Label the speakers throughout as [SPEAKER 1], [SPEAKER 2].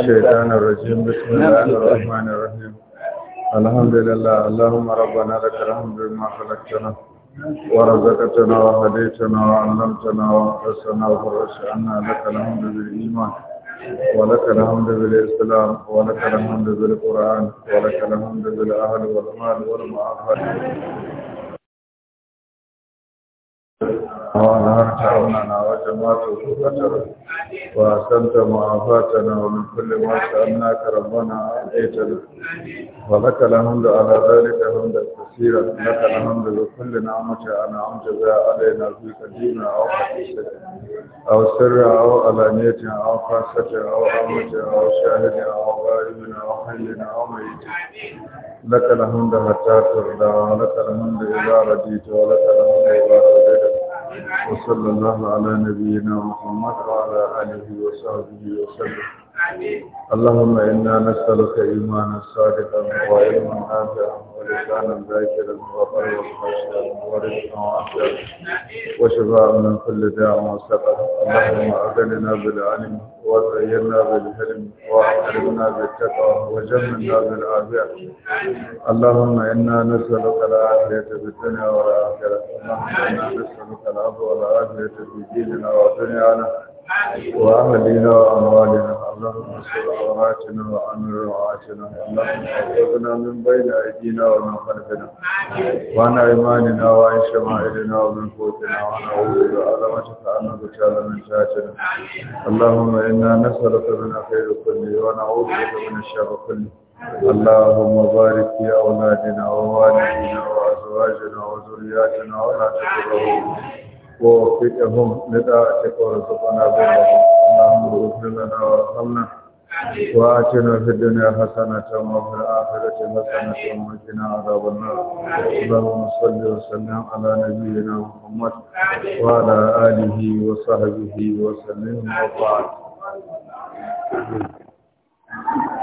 [SPEAKER 1] الشيطان الرجيم بسم الله نعم. الرحمن الرحيم الحمد لله اللهم ربنا لك الحمد بما خلقتنا ورزقتنا وهديتنا وعلمتنا وانقصنا وفرشنا لك الحمد بالإيمان ولك الحمد بالإسلام ولك الحمد بالقرآن ولك الحمد بالأهل والمال
[SPEAKER 2] والمعافات ونهرت
[SPEAKER 1] عنا ما توفقتنا وأحسنت معافاتنا ومن كل ما سألناك ربنا أعطيتنا ولك الحمد على ذلك حمدا كثيرا لك الحمد لكل نعمة أنعمت بها علينا في قديم أو حديث أو سر أو علانية أو خاصة أو عامة أو شاهد أو غائب أو حي أو ميت لك الحمد حتى ترضى ولك الحمد إذا رضيت ولك الحمد إذا رضيت وصلى الله على نبينا محمد وعلى آله وصحبه وسلم اللهم إنا نسألك إيمانا صادقا وعلما نافعا ولسانا ذاكرا وقلبا خاشعا ورزقا وعافيا وشفاء من كل داء وسقم اللهم أغننا بالعلم وزينا بالحلم وأكرمنا بالتقوى وجملنا بالعافية اللهم إنا نسألك العافية في الدنيا والآخرة اللهم إنا نسألك العفو والعافية في ديننا ودنيانا وأهلنا وأموالنا اللهم استر عوراتنا وأمر روعاتنا اللهم احفظنا من بين أيدينا ومن خلفنا وعن أيماننا وعن شمائلنا ومن فوقنا وعن عوضنا بعظمتك أن نغتال من تحتنا اللهم إنا نسألك من خير كله ونعوذ بك من الشر كله اللهم بارك في أولادنا ووالدينا وأزواجنا وذرياتنا ولا تكرههم ko fitahum nida a cikin wasu kwana gaba na muru filana wa sallan wa a cikin wasu duniya hasana ta mafi a fara cikin hasana ta mafi na azabar na ba mu salli wa sallan ala na biyu na muhammad wa da alihi wa sahabihi wa sallin mafi
[SPEAKER 2] Thank you.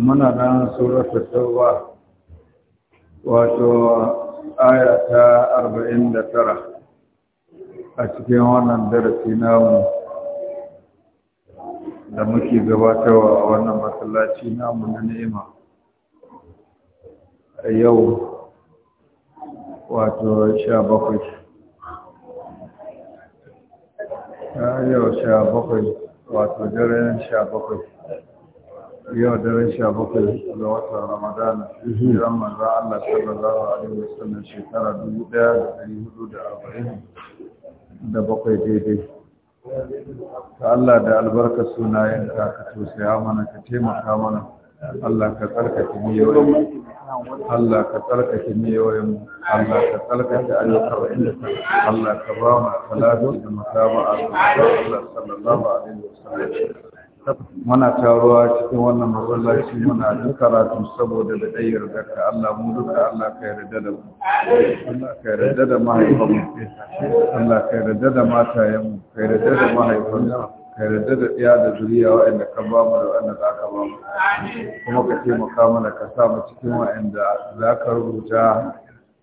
[SPEAKER 1] muna nan suratul tauba wato arba'in ta tara a cikin wannan darasi namu da muke gabatarwa a wannan masallaci namu na nema a yau wato sha bakwai yau sha bakwai wato daren sha bakwai yau daren sha bakwai ga watan ramadana hijiran manzo Allah sallallahu alaihi wasallam shekara dubu ɗaya da ɗari hudu da arba'in da bakwai daidai ta Allah da albarka sunayen ka ka tausaya mana ka taimaka mana Allah ka tsarkake miyoyin Allah ka tsarkake miyoyin Allah ka tsarkake ayyukan Allah ka ba mu salatu da mutaba Allah sallallahu alaihi wasallam muna taruwa cikin wannan masallaci muna duk karatu saboda da ɗayyar ka Allah mu duka Allah ka yarda da mu Allah ka yarda da mahaifanmu Allah ka yarda da matayenmu ka yarda da mahaifanmu ka yarda da ɗaya da zuriya waɗanda ka ba mu da wa'anda za ka ba mu kuma ka taimaka mana ka sa mu cikin waɗanda za ka rubuta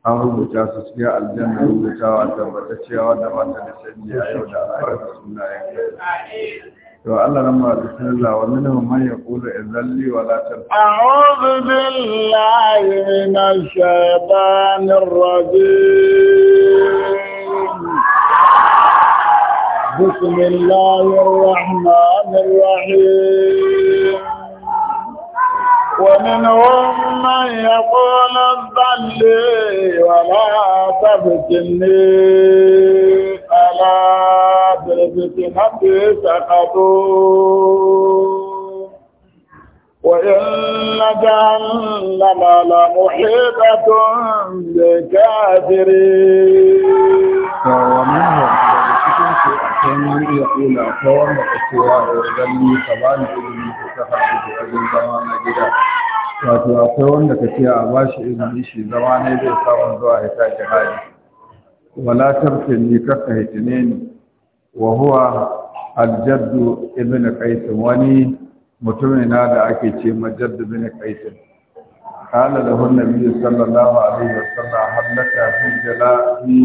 [SPEAKER 1] an rubuta su cikin aljanna rubutawa tabbatacciya wadda ba ta da canji a yau da albarkar sunayen ka الله لما بسم الله ومنهم من يقول اذن لي ولا تنفع
[SPEAKER 3] أعوذ بالله من الشيطان الرجيم بسم الله الرحمن الرحيم ومنهم من يقول اذن لي ولا تفتني ألا في الفتنة سقطوا وإن جهنم لمحيطة بالكافرين
[SPEAKER 2] ومنهم كان
[SPEAKER 1] يقول أقوام السواء وذلي كذلك من تتحدث أجل زمان جدا wato akwai wanda ka ce a ba shi izini shi zama ne zai samun zuwa ya tashi hali wala tarfin ni kakka hitine ni وهو الجد aljaddu ibn qais wani mutumin da ake ce majaddu ibn qais qala lahu an-nabi sallallahu alaihi wasallam halaka fi في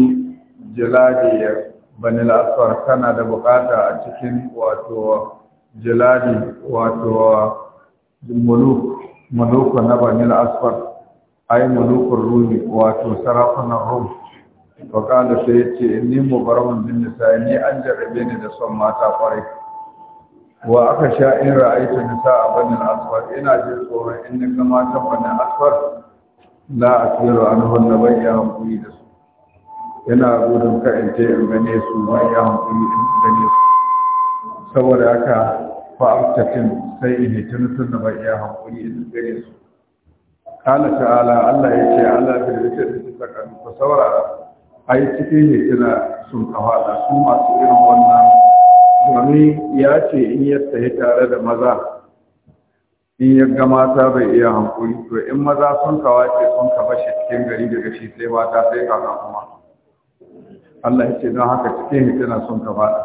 [SPEAKER 1] jalali bani al-asfar kana da bukata a cikin wato jiladi wato muluk muluk na bani al-asfar ay rumi wato sarakunan rum wakala sai ya ce in mu mubarman bin nisa ni an jarrabe ni da son mata kwarai wa aka sha in ra'aitu nisa a banin asfar ina jin tsoron in ni ga mata banin asfar a asiru an hunna ban yi hankuli da su ina gudun ka in ce in gane su ban yi hankuli in gane su saboda haka fa'abtakin sai in hitin tun da ban yi hankuli in gane su ta'ala قال تعالى الله يجعل في الرسل تتكلم فصورا a yi cikin hikira sun kawada su masu irin wannan domin ya ce in ya tsaye tare da maza in ya ga mata bai iya hankuri to in maza sun kawace sun kaba shi cikin gari daga shi sai mata sai kaka kuma Allah ya ce don haka cikin hikira sun kawada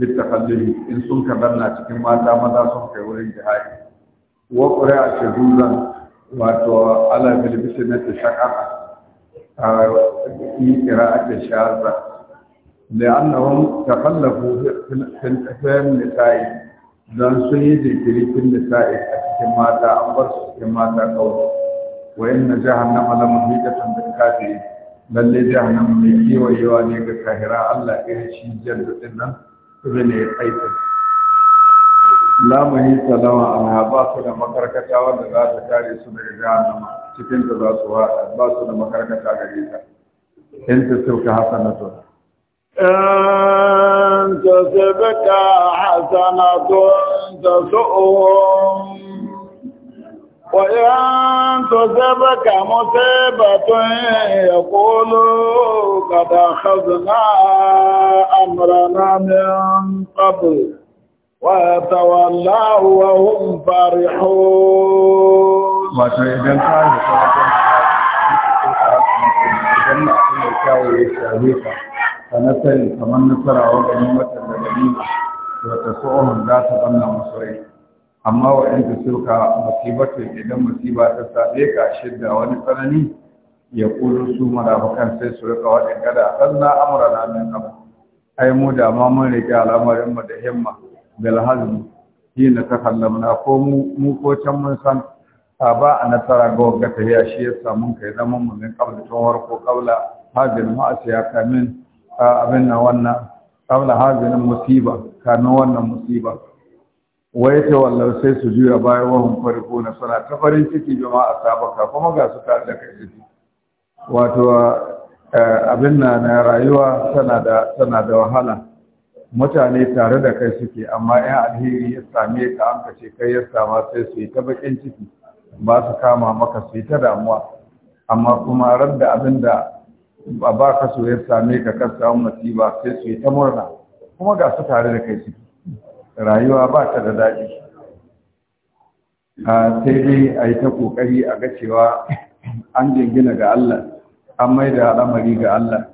[SPEAKER 1] duk takalluri in sun kabanna cikin mata maza sun kai wurin jihari wa ƙuri'a shahuzan wato ala bilbisi na ta shaka'a في قراءة الشاذة لأنهم تخلفوا في النساء don sun yi jinkiri fil nisa'i a cikin mata an bar su cikin mata kawai wa inna jahannama la muhiqatan bil kafirin lalle jahannama mai kewayewa ne ga kahira Allah irin shi jannatu din nan aika lamuni salama ana ba su da makarkata wanda za ta kare su daga jahannama cikin ta za su ba su da makarkata gare ta in ta sauka hasanatu in
[SPEAKER 3] ta sauka hasanatu ta su'uhum وإن تصبك مصيبة يقولوا قد أخذنا أمرنا من قبل وتولوا وهم فرحون
[SPEAKER 1] wato idan
[SPEAKER 2] ka da sabon
[SPEAKER 1] idan na kuma kyawu ya shawe ka ta nasari kamar nasara wa watan da gani da ta tsohon za ta banna musu rai amma waɗanda suka musibatu idan musiba ta same ka shidda wani tsanani ya kula su munafukan sai su rika waɗanda da sanna amurana min abu ai mu da mun rike al'amarin mu da himma bil hazmi hina takallamna ko mu ko can mun san ba a nasara ga wagga ta ya shi ya samu kai zaman mu kabla qabla war ko ma hadil ma'asiya kamin abin na wannan kabla musiba kamin wannan musiba wai ta wallar sai su jira bayan wahun farko na sana ta farin ciki jama'a sabaka kuma ga su tare da kai wato abin na rayuwa sana da wahala mutane tare da kai suke amma yan alheri ya same ka an kace kai ya sama sai su yi ta bakin ciki ba su kama maka su yi ta damuwa amma kuma radda abin da ba ba ka so ya same ka ka samu nasiba sai su yi ta murna kuma ga su tare da kai suke rayuwa ba ta da daɗi sai dai a yi ta ƙoƙari a ga cewa an jingina ga Allah an mai da al'amari ga Allah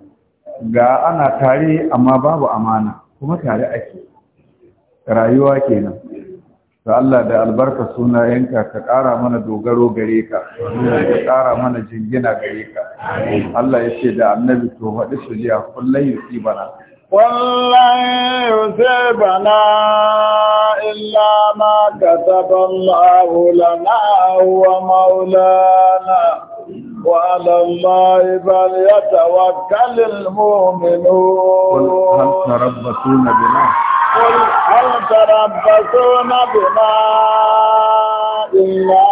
[SPEAKER 1] ga ana tare amma babu amana kuma tare ake rayuwa kenan to Allah da albarka suna yanka ka ƙara mana dogaro gare ka ka ƙara mana jingina gare ka Allah ya ce da annabi to faɗi su jiya kullum yusi bana kullum yusi
[SPEAKER 3] bana illa ma kataba Allah lana wa maulana وعلى الله فليتوكل المؤمنون
[SPEAKER 2] هل تربصون بنا
[SPEAKER 3] قل هل تربصون بنا إلا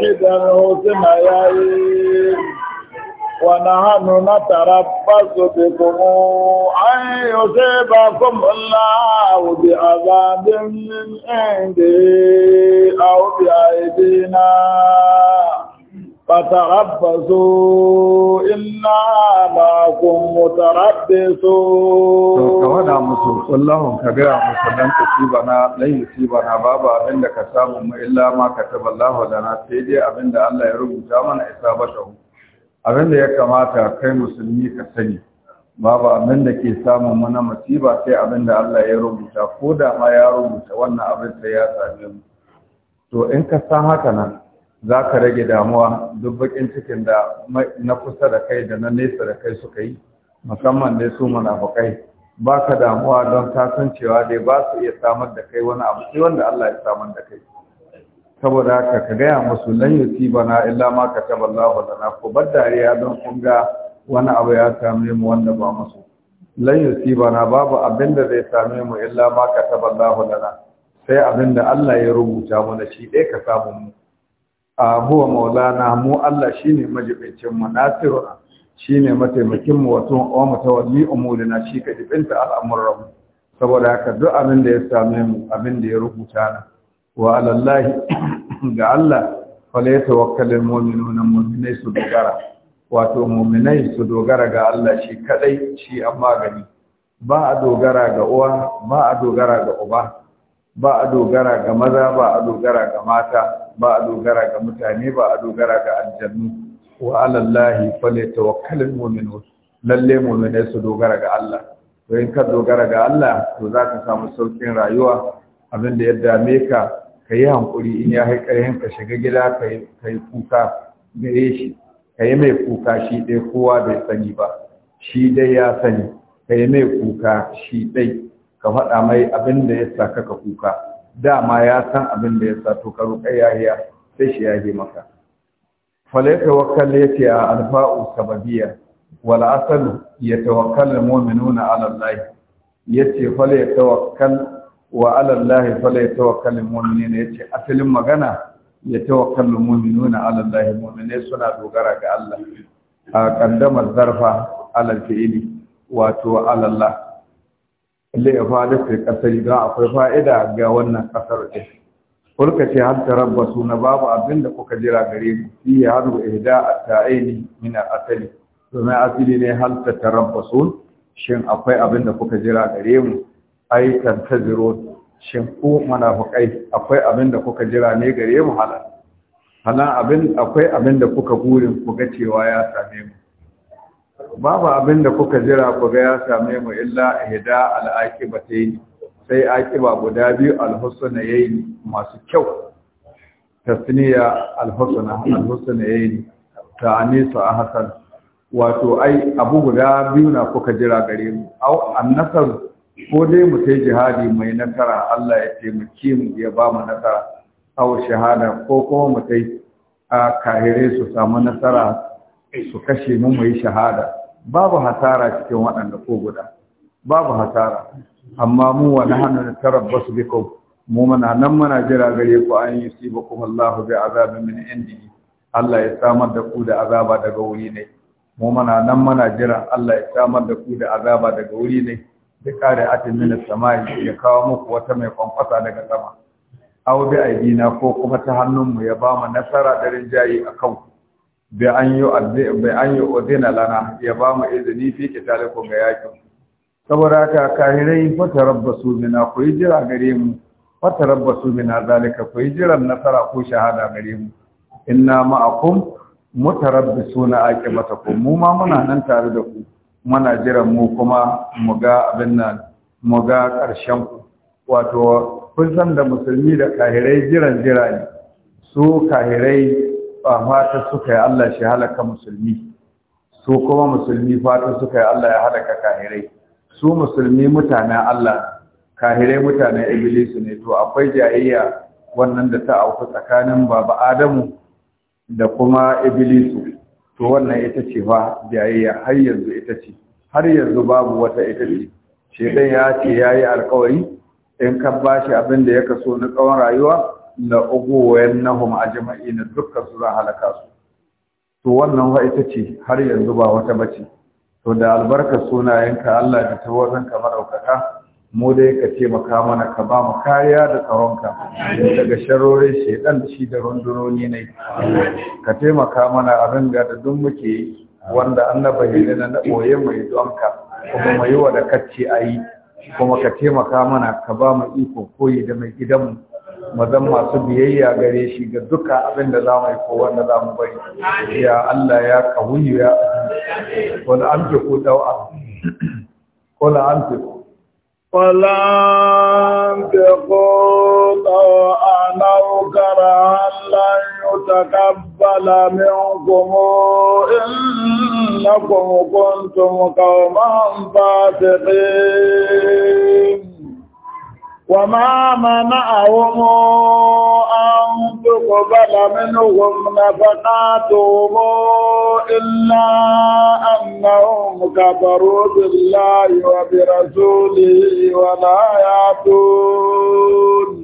[SPEAKER 3] إحدى الحسنيين ونحن نتربص بكم أن يصيبكم الله بعذاب من عنده أو بأيدينا fatarabbasu inna
[SPEAKER 1] ma'akum mutarabbisun to ka wada musu wallahu ka gaya musu dan kusiba na lai musiba na babu abin da ka samu mu illa ma kataba Allah lana sai dai abin da Allah ya rubuta mana isabatahu abin da ya kamata kai musulmi ka sani babu abin da ke samun mana musiba sai abin da Allah ya rubuta ko da ma ya rubuta wannan abin sai ya same mu to in ka san haka nan za ka rage damuwa duk bakin cikin da na kusa da kai da na nesa da kai suka yi musamman dai su munafukai ba ka damuwa don kasancewa dai ba su iya samar da kai wani abu sai wanda Allah ya samar da kai saboda haka ka gaya musu lan bana illa ma kataba Allahu lana ko dariya don kun ga wani abu ya same mu wanda ba musu lan bana babu abin da zai same mu illa ma kataba Allahu lana sai abin da Allah ya rubuta mana shi dai ka samu mu a huwa maulana mu Allah shine majibincin mu nasiruna shine mataimakin mu wato wa mutawalli umurina shi ka ɗibinta al'amuran saboda haka duk abin da ya same mu abin da ya rubuta na wa alallahi ga Allah falai tawakkalul na mu'minai su dogara wato mu'minai su dogara ga Allah shi kadai shi an magani. ba a dogara ga uwa ba a dogara ga uba ba a dogara ga maza ba a dogara ga mata ba a dogara ga mutane ba a dogara ga aljannu wa alallahi tawakkalul mu'minu lalle mu'mine su dogara ga Allah to in ka dogara ga Allah to za ka samu saukin rayuwa abin da ya dame ka ka yi hankuri in ya haikarin ka shiga gida ka yi kuka gare shi ka yi mai kuka shi ɗai kowa bai sani ba shi dai ya sani ka yi mai kuka shi ɗai ka faɗa mai abin da ya sa kaka kuka dama ya san abin da ya sa to ka roƙa yahiya sai shi yahi maka falai tawakkal yake a alfa'u sababiyya wal asalu ya tawakkal mu'minuna ala Allah yace falai tawakkal wa ala Allah falai tawakkal mu'minina yace asalin magana ya tawakkal mu'minuna ala Allah mu'minai suna dogara ga Allah
[SPEAKER 2] a kandamar
[SPEAKER 1] zarfa alal fi'ili wato alallah lai ya fada sai kasari don akwai fa'ida ga wannan ƙasar ɗin kulka ce har ta rabba babu abinda kuka jira gare mu fi ya haru ihda a ta'aini min asali domin asali ne har ta tarabba shin akwai abin da kuka jira gare mu ai tantaziro shin ku munafiqai akwai abin kuka jira ne gare mu halal halal akwai abin kuka gurin ku cewa ya same mu babu abin da kuka jira ku ga ya same mu illa ihda al-aqibatayn sai aqiba guda biyu al-husnayn masu kyau tasniya al-husna al-husnayn ta'anisu ahsan wato ai abu guda biyu na kuka jira gare mu au annasar ko dai mu sai jihadi mai nasara Allah ya taimake mu ya ba mu nasara au shahada ko kuma mu sai a kahire su samu nasara su kashe mu mu yi shahada babu hasara cikin waɗanda ko guda babu hasara amma mu wa nahnu tarabbasu bikum mu mana nan muna jira gare ku an yi ba kuma Allahu bai azabin min indi Allah ya samar da ku da azaba daga wuri ne mu mana nan muna jira Allah ya samar da ku da azaba daga wuri ne da kare atin min samai ya kawo muku wata mai kwankwasa daga sama aw bi aidina ko kuma ta hannunmu ya ba mu nasara da rinjayi a ku bai an yi ozina lana ya ba mu izini fi ku ga yakin saboda haka kahirai fata rabba mina ku yi jira gare mu fata rabba mina zalika ku yi jiran nasara ko shahada gare mu inna ma'akum mata ku mu ma muna nan tare da ku muna jiran mu kuma mu ga abin nan mu ga ƙarshen ku wato kun san da musulmi da kahirai jiran jira ne su kahirai fata suka yi Allah shi halaka musulmi su kuma musulmi fata suka yi Allah ya halaka kahirai su musulmi mutanen Allah kahirai mutanen Iblis ne to akwai jayayya wannan da ta auku tsakanin baba Adamu da kuma iblis to wannan ita ce fa jayayya har yanzu ita ce har yanzu babu wata ita ce shedan ya ce yayi alƙawari in ka bashi abin da ya kaso na tsawon rayuwa la ugowayen nahum ajma'i na dukkan su zan halaka su to wannan wa ita ce har yanzu ba wata bace to da albarka sunayenka Allah da tawazan ka madaukaka mu dai ka taimaka mana ka ba mu kariya da tsaronka daga sharorin shedan shi da rundunoni ne ka taimaka mana a ringa da duk muke wanda annaba hilina na boye mai donka kuma mai yi wa da kacce ayi kuma ka taimaka mana ka ba mu iko koyi da mai gidanmu Mazan masu biyayya gare shi ga duka abin da za mu yi ko wanda za mu bari ya Allah ya kawuyu ya wala amfi ku dawa wala amfi ku wala
[SPEAKER 3] amfi ku dawa ana ukara Allah yutakabbala inna innakum kuntum qauman fasiqin wà máa ma náà wọ́n àwọn tó kò bá lámínú wọn na fàtà tó wọ́ ilá àmàwọn mùkàbàrò bèèrè láyé wà bèèrè sólè wà láyé àtòónì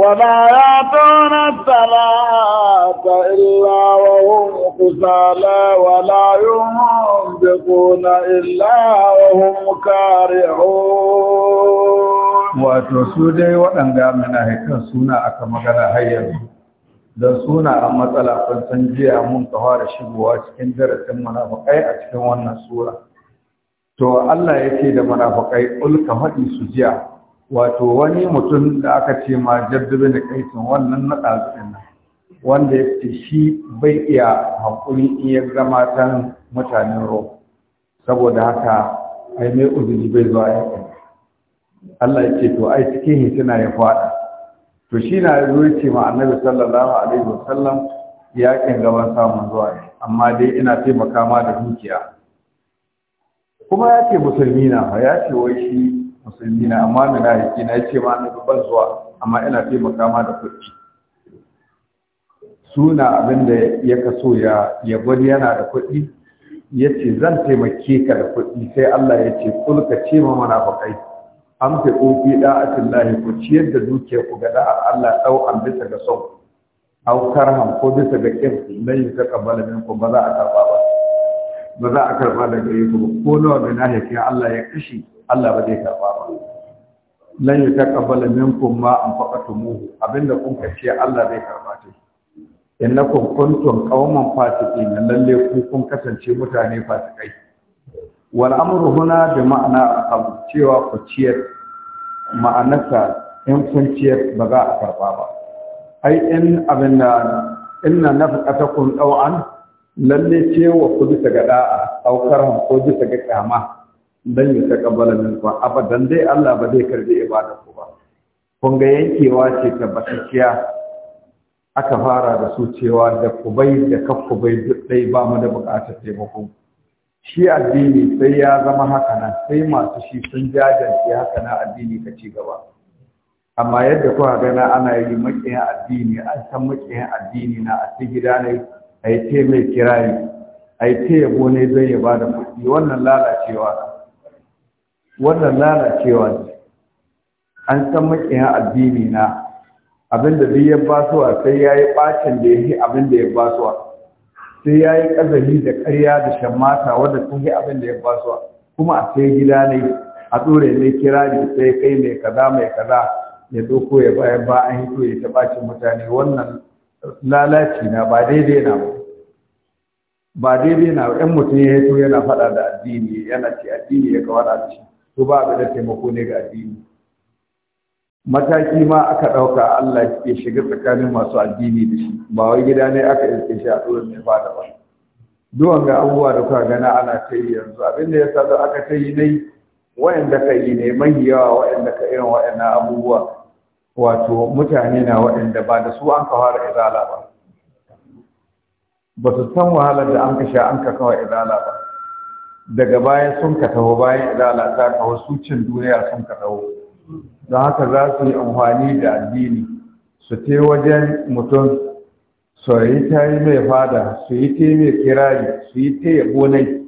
[SPEAKER 3] وما يعطون الصلاة إلا وهم كسالى ولا ينبقون إلا وهم كارعون
[SPEAKER 1] wato su dai waɗanda muna haikan suna aka magana har yanzu don suna a matsala kun san jiya mun ka fara shigowa cikin darasin munafukai a cikin wannan sura to Allah yake da munafukai ulka faɗi su jiya wato wani mutum da aka ce ma jabdabe da kaitin wannan na ɗazu nan wanda ya ce shi bai iya hankuli in ya zama ta mutanen Ro. saboda haka ai mai uzuri bai zuwa yankin Allah ya ce to ai cikin hitina ya faɗa to shi na zo ce ma annabi sallallahu alaihi wasallam yakin gaban samun zuwa amma dai ina taimaka ma da dukiya kuma ya ce musulmi na ya ce wai shi musulmi na amma na yake na yace ma mai ban zuwa amma ina taimaka ma da kuɗi suna abin da ya kaso ya ya gwani yana da kuɗi yace zan taimake ka da kuɗi sai Allah ya ce kulka ce ma bakai an fi ƙofi da'atin lahi ku ciyar da dukiyar ku ga a Allah ɗau an bisa ga son au karham ko bisa ga na yi ta kabbala min ku ba za a karba ba ba za a karba daga yi ku ko nawa bin nahi Allah ya kashi Allah ba zai karɓa ba lan yataqabbal kun ma an faɗa anfaqatumuhu abinda kun ka kace Allah zai karɓa ta kun innakum kuntum qauman na lalle ku kun kasance mutane fasikai wal amru huna bi ma'ana al cewa ku ciyar ma'anarsa in kun ciyar ba za a karɓa ba ai in abin da inna nafaqatakum daw'an lalle cewa ku bisa ga da'a aukar ko bisa ga kyama dan ya ku minkum dan dai Allah ba zai karbi ibada ku ba kun ga yankewa ce ta tabbatacciya aka fara da su cewa da kubai da kakubai duk dai ba mu da bukatar taimako shi addini sai ya zama haka nan sai masu shi sun jajirce haka nan addini ka ci gaba amma yadda kuka gana ana yi makiyan addini an san makiyan addini na a ci gida ne a yi te mai kirayi a yi te don ya ba da kuɗi wannan lalacewa wannan lalacewa ne an san makiyan addini na Abin da duk ya basuwa sai ya yi bacin da ya yi da ya basuwa sai ya yi ƙazali da ƙarya da shammata wanda sun yi abin da ya basuwa kuma a sai gida ne a ɗore ne ne sai kai mai kaza mai kaza ya doko ya baya, ba an to ya ta mutane wannan lalaci na ba daidai na ba ba daidai na ɗan mutum ya yi to yana faɗa da addini yana ce addini ya kawar da shi to ba abin da taimako ne ga addini mataki ma aka ɗauka Allah ke shiga tsakanin masu addini da shi ba wai gida ne aka iske shi a tsoron mai ba da ba duwan ga abubuwa da kuka gana ana ta yi yanzu abin da ya sa da aka ta yi dai wa'anda ka yi ne mai yawa wa'anda ka irin wa'annan abubuwa wato mutane na wa'anda ba da su an ka fara izala ba ba su san wahalar da an ka sha an ka kawai izala ba daga baya sun ka taho bayan izala ta kawo su cin duniya sun ka taho don haka za su yi amfani da addini su te wajen mutum su yi ta yi mai fada su yi ta yi mai kirari su yi ta ya gonai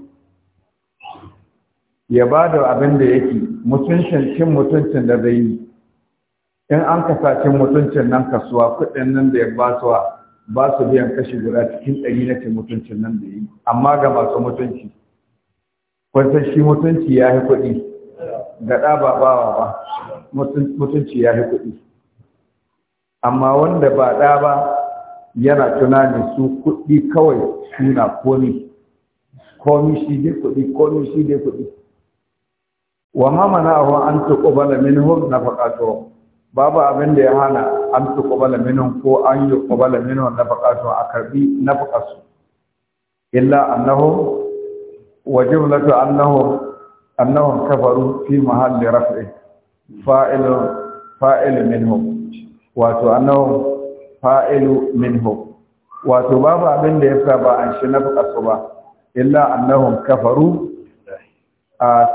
[SPEAKER 1] ya ba da abin da yake mutuncin cin mutuncin da zai yi in an kasa cin mutuncin nan kasuwa kuɗin nan da ya basuwa ba su biyan kashi guda cikin ɗari na cin mutuncin nan da yi amma ga masu mutunci kwantar shi mutunci ya yi kuɗi gaɗa ba bawa ba mutunci ya yi kuɗi amma wanda ba ɗa ba yana tunanin su kuɗi kawai suna komi komi shi dai kuɗi komi shi dai kuɗi wa ma mana'ahu an tuqbala minhum nafaqatuhum babu abin da ya hana an tuqbala minhum ko an yuqbala minhum nafaqatuhum a karbi nafaqasu illa annahu وجملة أنه أنهم كفروا في محل رفع فاعل فاعل منهم واتو أنهم فاعل منهم واتو بابا من ليسا با عن شنف أصبا إلا أنهم كفروا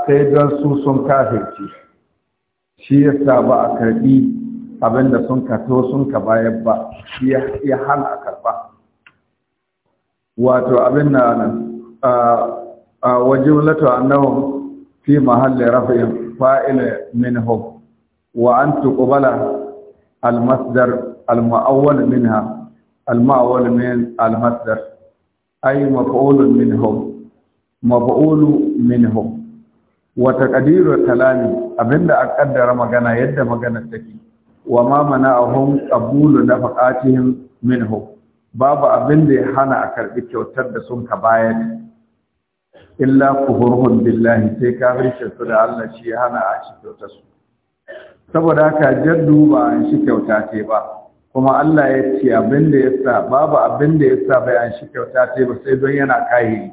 [SPEAKER 1] سيدان سوسن كافر shi yasa ba a karbi abinda sun kato sun ka bayar ba shi ya hana a karba wato abin nan A wa jumlatu annahum fi mahalli raf'in fa'il minhum wa an tuqbala al-masdar al minha al-mu'awwal min al-masdar ay maf'ulun minhum maf'ulu minhum wa taqdiru kalami abinda a ƙaddara magana yadda magana take wa ma mana'ahum qabulu nafaqatihim minhum babu abinda ya hana a karɓi kyautar da sun ka bayar illa kufurhun billahi sai kafircin su da Allah shi ya hana a shi kyauta su saboda haka jaddu ba an shi kyauta ce ba kuma Allah ya ce abinda da ya sa babu abin ya sa bai an shi kyauta ce ba sai don yana kayi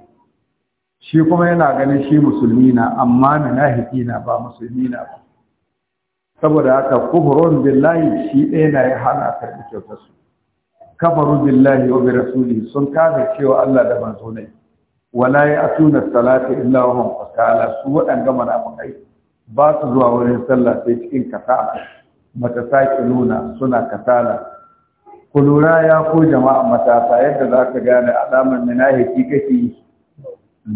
[SPEAKER 1] shi kuma yana ganin shi musulmi na amma munafiki na ba musulmi na ba saboda haka kufurun billahi shi ɗaya na ya hana karɓi kyautar su kafaru billahi wa bi rasuli sun kafa cewa Allah da manzo ne wala ya atuna salata illa hum kasala su waɗanga munafikai ba su zuwa wurin sallah sai cikin kasala mata sake nuna suna kasala ku lura ya ko jama'a matasa yadda za ka gane alamar munafiki kake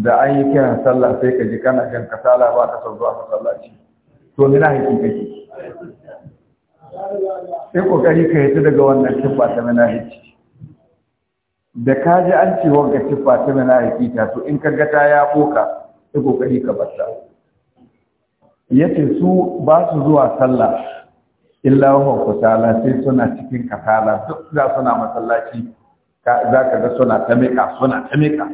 [SPEAKER 1] da an yi kiran sallah sai ka ji kana jin kasala ba ka son zuwa masallaci to munafiki kake sai kokari ka yi daga wannan tibba ta munafiki da ka ji an ce wanga tuffa ta mana hakika to in ka ga ta ya koka ta kokari ka ya ce su ba su zuwa sallah illa wa kusala sai suna cikin kasala duk za suna masallaci za ka ga suna ta miƙa suna ta miƙa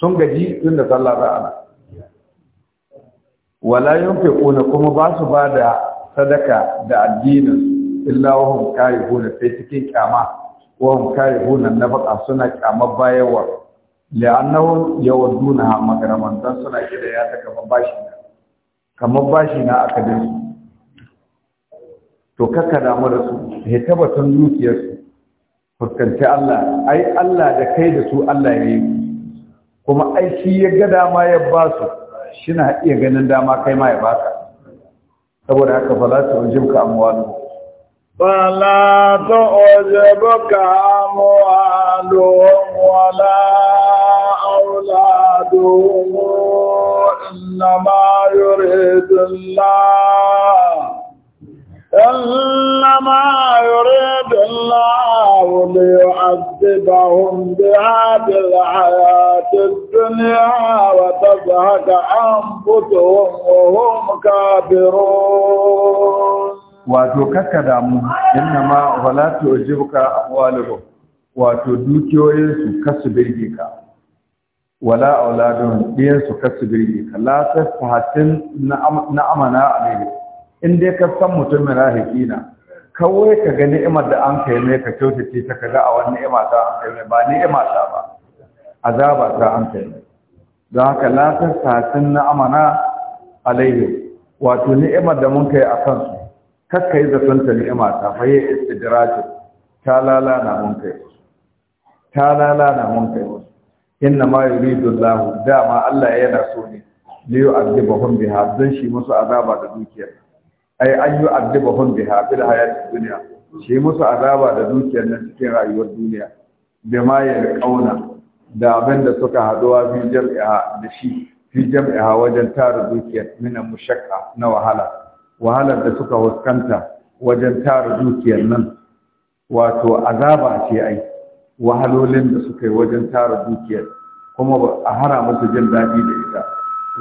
[SPEAKER 1] sun gaji tun da sallah na wala yunfiquna kuma ba su ba da sadaka da addinin illa wa kayi kuna sai cikin kyama wa hum na nafaqa suna kyamar bayarwa li'annahum yawaddunaha magraman dan suna kida ya ta kamar bashi na kamar bashi na aka da su to kaka damu da su he tabbatun dukiyar su fuskanci Allah ai Allah da kai da su Allah ya yi kuma aiki ya ga dama ya ba su shi na iya ganin dama kai ma ya baka saboda haka fa za ka rujimka amwalu
[SPEAKER 3] فلا تعجبك أموالهم ولا أولادهم إنما يريد الله إنما يريد الله ليعذبهم بها الحياة الدنيا وتزهق أنفسهم وهم كافرون
[SPEAKER 1] wato kakka damu inna ma wala tu'jibuka amwaluhum wato dukiyoyin su kasu birge ka wala auladun diyan su kasu birge ka la tasfahatin na amana alayhi in dai ka san mutum rahiki na kawai ka ga ni'imar da an kai mai ka kyautace ta kaga a wani ni'ima ta an kai mai ba ni'ima ta ba azaba ta an kai mai don haka la tasfahatin na amana alayhi wato ni'imar da mun kai a kansu kakka yi zaton ta ni'ima ta faye istidrajin ta lalana mun kai ta lalana mun kai inna ma yuridu Allah dama Allah yana so ne li yu'adhibahum biha dan shi musu azaba da dukiyar ai an yu'adhibahum biha fil hayatid dunya shi musu azaba da dukiyar nan cikin rayuwar duniya ma ya kauna da abin da suka haduwa bi jam'a da shi fi jam'a wajen tara dukiyar minan mushakka na wahala wahalar da suka fuskanta wajen tara dukiyar nan wato azaba ce ai wahalolin da suka yi wajen tara dukiyar kuma a hana musu jin daɗi da ita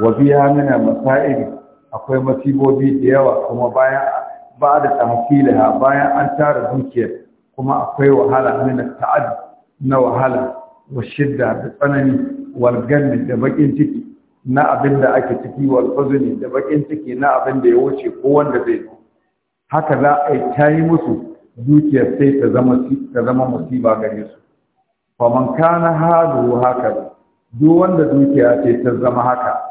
[SPEAKER 1] wa biya mina masa'iri akwai masibobi da yawa kuma bayan ba da tahsiliha bayan an tara dukiyar kuma akwai wahala mina ta'ad na wahala wa shidda da tsanani wal da bakin ciki na abin da ake ciki wal huzni da bakin ciki na abin da ya wuce ko wanda zai zo haka za a ta yi musu dukiyar sai ta zama ta zama musiba gare su fa man kana hadu haka duk wanda dukiya ce ta zama haka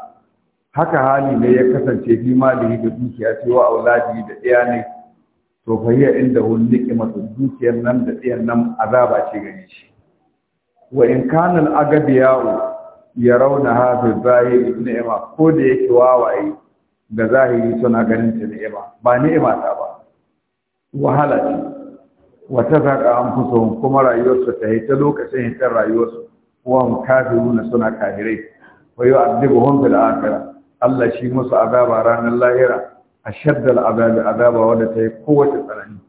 [SPEAKER 1] haka hali ne ya kasance bi malihi da dukiya ce wa auladi da ɗaya ne to fa hiya inda hun nikmatu dukiyar nan da ɗayan nan azaba ce gare shi wa in kana al-agabiyahu ya rauna hafi zahiri ni'ima ko da yake wawaye ga zahiri suna ganin ta ni'ima ba ni'ima ta ba wahala ce wata zaka an fuso kuma rayuwarsu ta yi ta lokacin hitar rayuwarsu wan na suna kafirai wa yu'adhibuhum bil akhirah Allah shi musu azaba ranar lahira ashaddal azabi azaba wanda ta yi kowace tsanani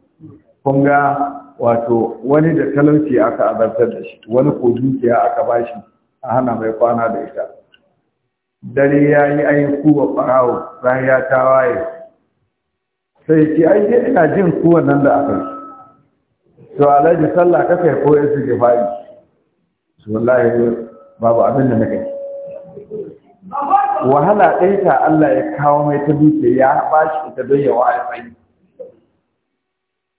[SPEAKER 1] kun ga wato wani da talauci aka azabtar da shi wani ko ya aka bashi a hana mai kwana da ita dare ya yi ayin kuwa farawo ran ya tawaye sai ce aiki ina jin kuwan nan da aka yi to alaji sallah ka kai ko ke jifa'i su wallahi babu abin da na wahala ɗai ta Allah ya kawo mai ta duke ya ba shi ta don yawa a tsayi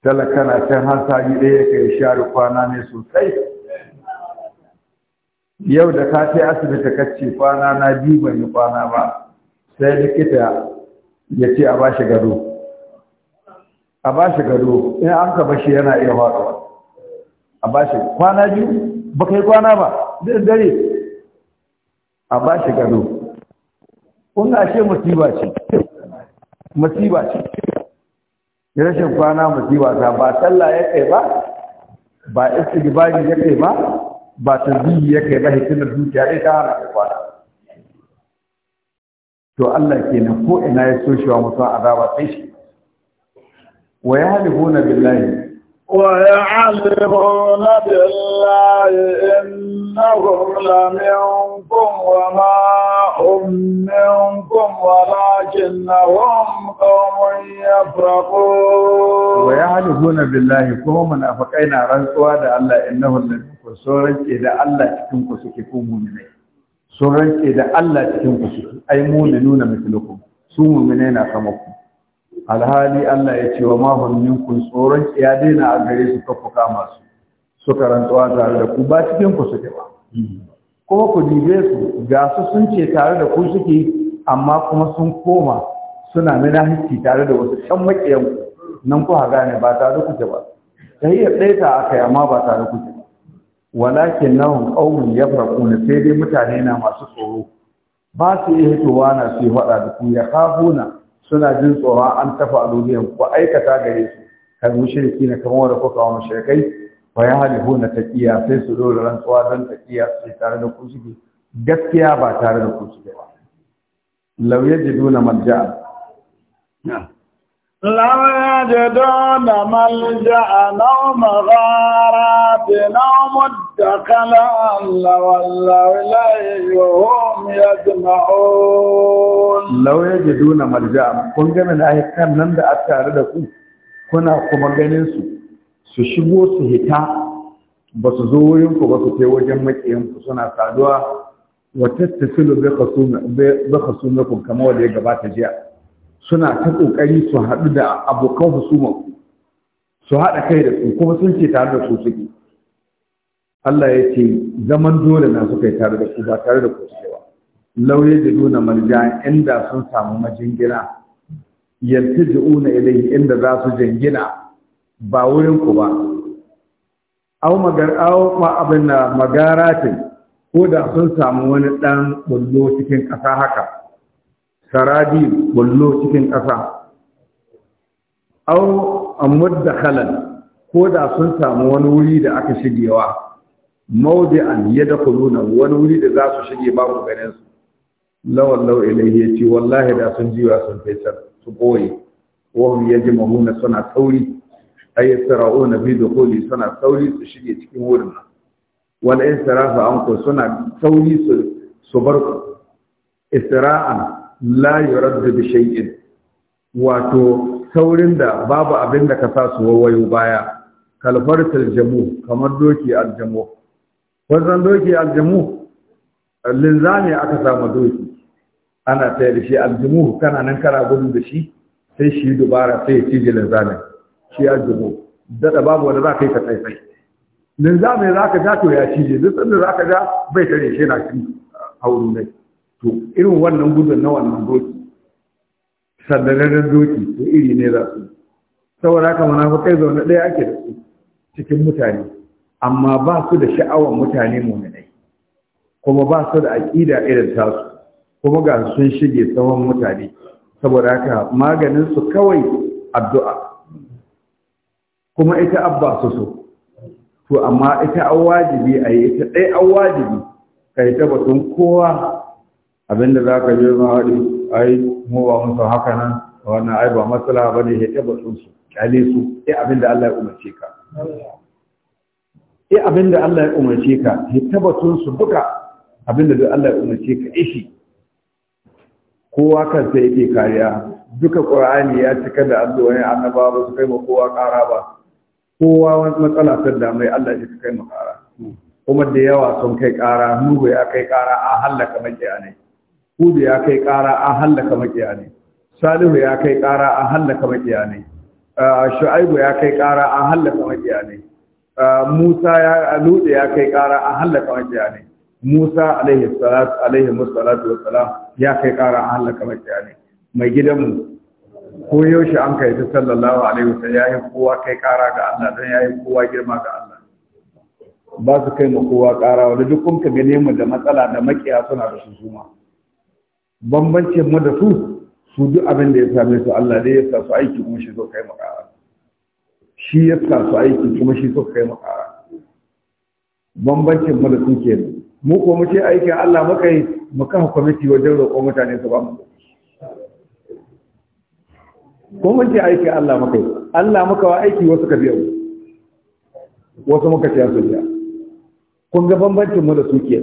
[SPEAKER 1] talaka can har ɗaya ya kai share kwana ne
[SPEAKER 2] sosai
[SPEAKER 1] yau da ka ce asibiti ka ce kwana na biyu ban yi kwana ba sai likita ya ce a bashi gado a bashi gado in an ka bashi yana iya faɗo a bashi kwana biyu ba ka yi kwana ba zai dare a bashi gado Kuna ce ashe musiba ce musiba ce rashin kwana musiba ta ba sallah ya kai ba ba istigbari ya kai ba ba ta ya kai ba hikimar dukiya dai ta hana kwana to Allah kenan ko ina ya so shi wa mutum azaba sai shi wa yahlifuna billahi
[SPEAKER 3] ويعلمون بالله إنهم لمنكم وما هم منكم ولكنهم قوم يفرقون
[SPEAKER 1] ويعلمون بالله كما من أفقين رنسوا دا الله إنهم لمنكم سورج إذا الله تكنكم سككم مؤمنين سورج إذا الله تكنكم سككم أي مؤمنون مثلكم سوء منين أخمكم alhali Allah ya ce wa mahun minkum tsoron ya daina a gare su kafa masu su suka rantsuwa tare da ku ba cikin ku suke ba kuma ku dibe su ga su sun ce tare da ku suke amma kuma sun koma suna hiski tare da wasu can makiyan ku nan ku haga ne ba tare kuke ba sai ya tsaita akai amma ba tare kuke ba walakin ya farko na sai dai mutane na masu tsoro ba su iya hitowa na su yi faɗa da ku ya kafuna suna jin tsoron an tafa a duniyan ku aikata gare su kan mushriki na kamar wanda kuka wani shirkai fa ya halihu na taƙiya sai su dole rantsuwa don taƙiya su tare da ku suke gaskiya ba tare da ku suke ba law yajiduna malja'a لو
[SPEAKER 3] يجدون ملجأ أو مغارات أو اتكل لولوا إليه وهم يجمعون
[SPEAKER 1] لو يجدون مرجعا nan da a da ku kuna kuma ganin su su shigo su hita ba su zo wurin ba su kai wajen suna saduwa wa tattasilu kamar wanda ya gabata jiya suna ta kokari su haɗu da abokan husuma su haɗa kai da su kuma sun ce tare da su suke Allah ya ce zaman dole na suka yi tare da ku ba tare da ku lauye da nuna marja inda sun samu majingina una ilai inda za su jingina ba wurin ku ba Au magar ma abin na magaratin ko da sun samu wani dan bullo cikin ƙasa haka saradi bullo cikin ƙasa aw mudda dakhalan ko da sun samu wani wuri da aka shigewa mawdi'an yadkhuluna wani wuri da za su shige babu ganin su lawan law ilayhi yati wallahi da sun jiwa sun kai su boye wa hum yajmahuna suna sauri ay yasra'una da dukhuli suna sauri su shige cikin wurin nan wal an anku suna sauri su su bar ku isra'an la yuraddu bi shay'in wato saurin da babu abin da ka sa su wawayo baya kalfar taljamu kamar doki aljamu Wannan doki aljamu linzami aka samu doki ana tsaye da shi aljamu kana nan kana gudu da shi sai shi dubara sai ya cije linzami shi aljamu dada babu wanda za ka yi ka tsaye linzamin za ka ja to ya cije duk sanda za ka ja bai tare shi na shi hauru ne to irin wannan gudun na wannan doki sandanarren doki to iri ne za su saboda haka munafukai zaune ɗaya ake da su cikin mutane amma ba su da sha'awar mutane muminai kuma ba su da aƙida irin tasu kuma ga sun shige tsawon mutane saboda haka maganin su kawai addu'a kuma ita abba su so to amma ita an wajibi a yi ita ɗai an wajibi ka yi tabbatun kowa abinda za ka yi ma wani ai mu ba mu san haka nan wannan ai ba matsala ba ne ya tabbatun su kyale su sai abinda Allah ya umarce ka sai da Allah ya umarce ka tabbatun su duka abin da Allah ya umarce ka ishi eh kowa kan sai yake kariya duka qur'ani ya cika da addu'o'i annaba ba su kai ma kowa ƙara ba kowa wani matsala sai da mai Allah ya kai ma ƙara kuma da yawa sun kai ƙara nuhu ya kai ƙara a hallaka makiyanai hudu ya kai ƙara a hallaka ne salihu ya kai ƙara a hallaka ne ah, shu'aibu ya kai ƙara a hallaka ne Musa ya lutse ya kai ƙara a hallaka makiya ne Musa alaihi salatu alaihi musallatu salam ya kai ƙara a hallaka makiya ne mai gidanmu ko yaushe an kai ta sallallahu alaihi wa sallam yayin kowa kai ƙara ga Allah dan yayin kowa girma ga Allah ba su kai mu kowa ƙara wani duk kun ka gane mu da matsala da makiya suna da su suma bambancin mu da su su duk abin da ya same su Allah dai ya sa su aiki kuma shi zo kai mu ƙara shi ya kasu aiki kuma shi suka kai makara bambancin mada su ke mu ko mu ce aikin Allah muka yi mu kafa kwamiti wajen roƙon mutane su ba mu ko mu ce aikin Allah muka yi Allah muka wa aiki wasu ka biya wasu muka ce su biya kun ga bambancin mu da su ke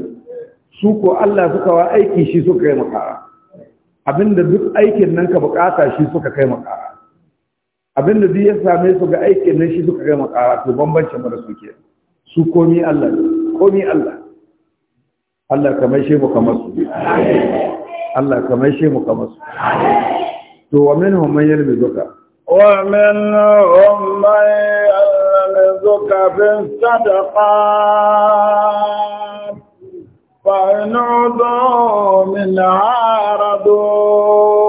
[SPEAKER 1] su ko Allah suka wa aiki shi suka kai makara abinda duk aikin nan ka bukata shi suka kai makara abin da zai ya same su ga aikin nan shi suka gama ƙara to bambance mara suke. su ke su komi Allah komi Allah Allah ka maishe mu kamar su Allah ka maishe mu kamar su to wa minhum man zuka.
[SPEAKER 3] wa minhum man yalmizuka fi sadaqat fa in min aradu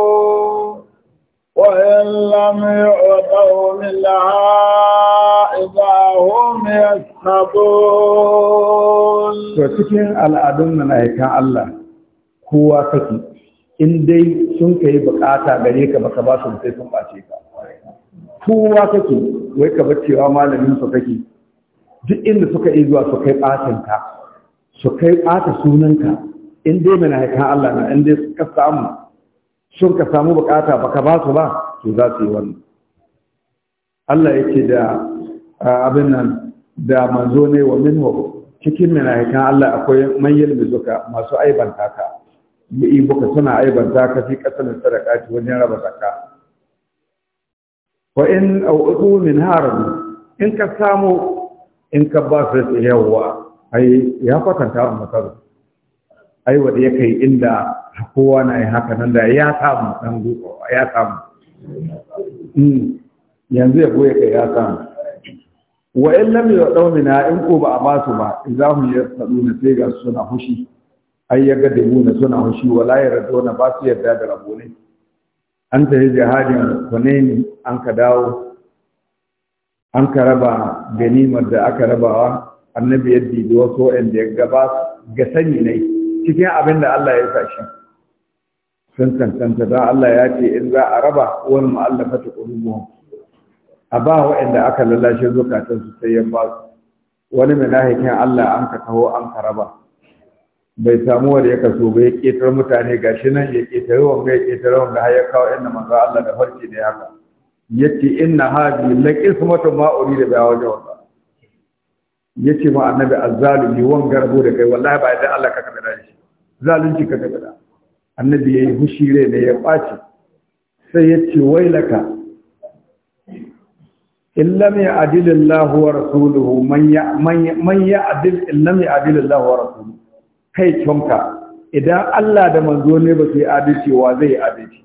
[SPEAKER 3] وإن لم يعطوا منها إذا هم يسخطون
[SPEAKER 1] وتكين الأدن من أيكا الله هو سكي in dai sun kai bukata gare ka ba ka ba su sai sun bace ka kowa kake wai ka bar cewa malamin su kake duk inda suka yi zuwa su kai batin ka su kai bata sunan in dai mana haikan Allah na in dai ka samu sun ka samu bukata baka ba su ba su za su yi wannan Allah yake da abin nan da manzo ne wa minhu cikin munafikan Allah akwai man yalmizuka masu aibanta ka yi buka suna aibanta ka fi da sadaka wajen raba zakka wa in au'udu min haram in ka samu in ka ba su yawa ai ya kwatanta a masaru ai wanda ya kai inda kowa na yi haka nan da ya samu dan guko ya samu hmm. yanzu ya goye kai ya samu wa in lam yu'dau mina in ko ba a ba su ba idahum na sai ga suna hushi ai ya mu na suna hushi wala na ba su yarda da rabonai an tafi jihadin kunaini an ka dawo an ka raba ganimar da aka rabawa annabi yaddi da wasu wa'anda ya gaba ga sani ne cikin abin da Allah ya shi. sun cancanta don Allah ya ce in za a raba wani ma'allafa ta ƙurubuwan a ba waɗanda aka lalashe su sai ya ba su wani nahikin Allah an ka taho an ka raba bai samu wanda ya kaso ba ya ƙetar mutane gashi nan ya ƙetare wanga ya ƙetare wanga har ya kawo inda manzo Allah da farki da haka yace inna hadi la qismatu ma urida bi wajen wata yace ma annabi azzalimi wan garbo da kai wallahi ba idan Allah ka kada da shi zalunci ka gada annabi yayi hushi rai ne ya ɓaci sai ya ce wailaka illam ya'dil wa rasuluhu man ya man ya'dil illam ya'dil wa rasuluhu kai tonka idan Allah da manzo ne ba sai adalci wa zai adalci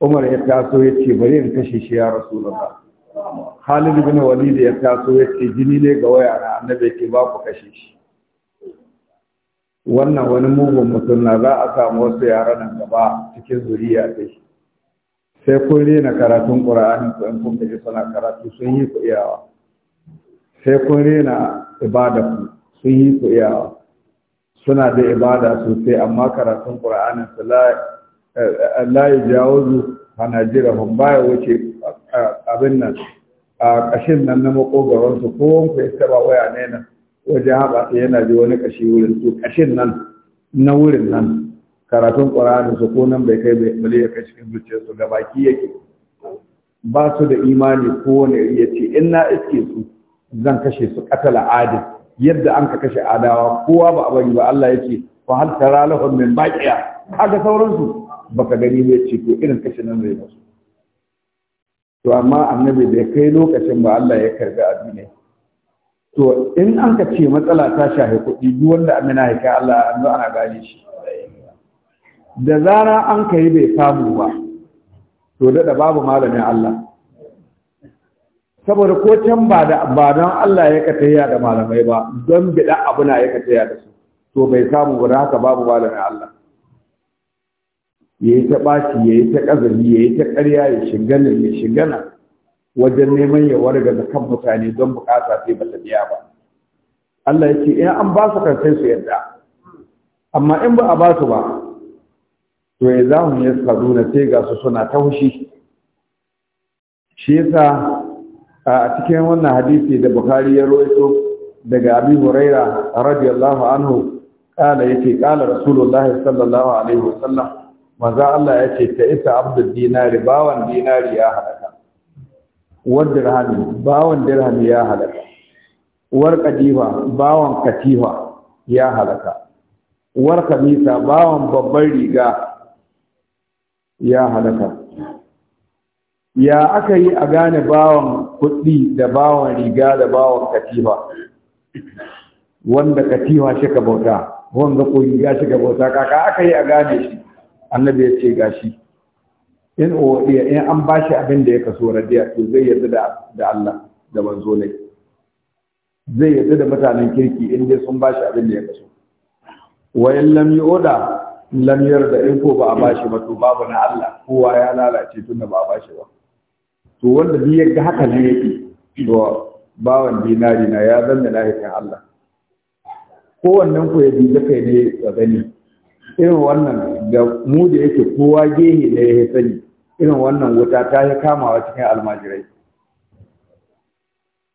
[SPEAKER 1] Umar ya taso ya ce bari in kashe shi ya Rasulullah Khalid wani Walid ya taso ya ce jini ne ga waya na annabi ke ba ku kashe shi wannan wani mugun mutum na za a samu wasu yara nan gaba cikin zuriya dai sai kun rena karatun ƙura'anin ko in kun gaji suna karatu sun yi ku iyawa sai kun rena ibada ku sun yi ku iyawa suna da ibada sosai amma karatun ƙura'anin su la yi jawozu a najira Ba ya wuce abin nan a ƙashin nan na makogaronsu ko wanku ya taɓa waya ne nan wajen haɓa yana ji wani ƙashi wurin su ƙashin nan na wurin nan karatun ƙwararri su ko nan bai kai bai ya kai cikin zuciyarsu ga baki yake ba su da imani kowane ya ce in na iske su zan kashe su katala adin yadda an ka kashe adawa kowa ba a bari ba Allah ya ce fa hal tara lahum min baqiya kaga sauransu baka gani bai ce ko irin kashe nan zai musu to amma annabi bai kai lokacin ba Allah ya karbi abu ne to in an ka ce matsala ta shafi kuɗi duk wanda amina ya kai Allah an zo ana gane shi da zara an ka yi bai samu ba to da babu malamin Allah saboda ko can ba da ba don Allah ya kataya da malamai ba don bida abuna ya kataya da su to bai samu ba haka babu malamin Allah yayi ta baci yayi ta kazali yayi ta ƙarya ya shigana ya shigana wajen neman ya warga da kan mutane don bukata sai ba ta biya ba Allah ya ce in eh, an ba su kan sai su yadda amma in ba a ba su ba to ya za mu yasa nuna sai ga su suna ta hushi shi yasa a cikin wannan hadisi da Bukhari ya rawaito daga Abi Huraira radiyallahu anhu kala yace kala Rasulullahi sallallahu alaihi wasallam maza Allah yace ta isa abdul dinari bawan dinari ya halaka war dirhami bawan dirhami ya halaka war kadifa bawan katifa ya halaka war kamisa bawan babban riga ya halaka ya aka yi a gane bawan kuɗi da bawan riga da bawan katifa wanda katifa shi ka bauta wanda ko riga shi ka bauta kaka aka yi a gane shi annabi ya ce gashi in uwadiya in an bashi abin da ya kaso radiya to zai yarda da da Allah da manzo ne zai yarda da mutanen kirki in dai sun bashi abin da ya kaso wa in lam yu'da lam yarda in ko ba a bashi ba to babu na Allah kowa ya lalace tun da ba a bashi ba to wanda bi ya ga haka ne yake to bawan dinari na ya zanna lahikan Allah kowannen ku ya bi kai ne ga gani irin wannan da mu da yake kowa gehe da ya sani irin wannan wuta ta yi kamawa cikin almajirai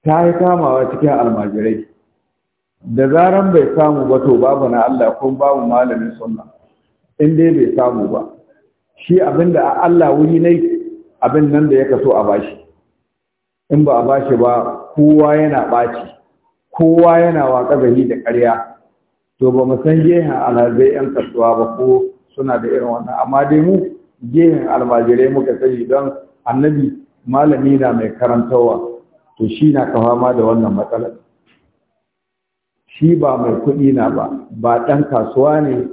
[SPEAKER 1] ta yi kamawa cikin almajirai da zaran bai samu ba to babu na Allah ko babu malamin sunna in dai bai samu ba shi abinda da Allah wuri ne abin nan da ya kaso a bashi in ba a bashi ba kowa yana ɓaci. kowa yana waƙa gari da ƙarya to ba mu san gehen alhazai yan kasuwa ba ko suna da irin wannan amma dai mu gehen almajirai muka sani don annabi malami na mai karantarwa to shi na kawama da wannan matsalar shi ba mai kuɗi na ba ba ɗan kasuwa ne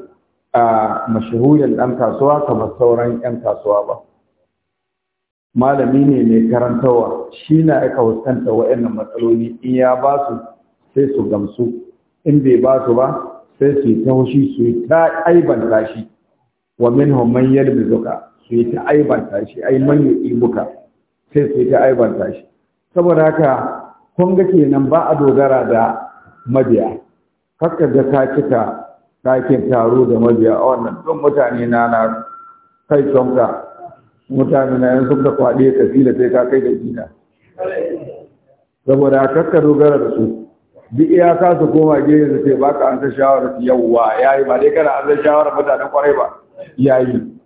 [SPEAKER 1] a mashahurin ɗan kasuwa kamar sauran 'yan kasuwa ba malami ne mai karantawa. shi na aka fuskanta wa'annan matsaloli in ya ba su sai su gamsu in bai ba su ba sai su yi ta haushi su yi ta aibanta shi wa min man zuka su yi ta aibanta shi ai manyan ibuka sai su yi ta aibanta shi saboda haka kun ga kenan ba a dogara da mabiya kakka da ka cika ɗakin taro da mabiya a wannan don mutane na na kai tsonka mutane na yanzu da kwaɗe ka fila sai ka kai da jina saboda kakka dogara da su duk iyaka su koma gehe su ce ba ka an ta shawarar yawwa ya yi ba dai kana an ta shawarar mutanen kwarai ba ya yi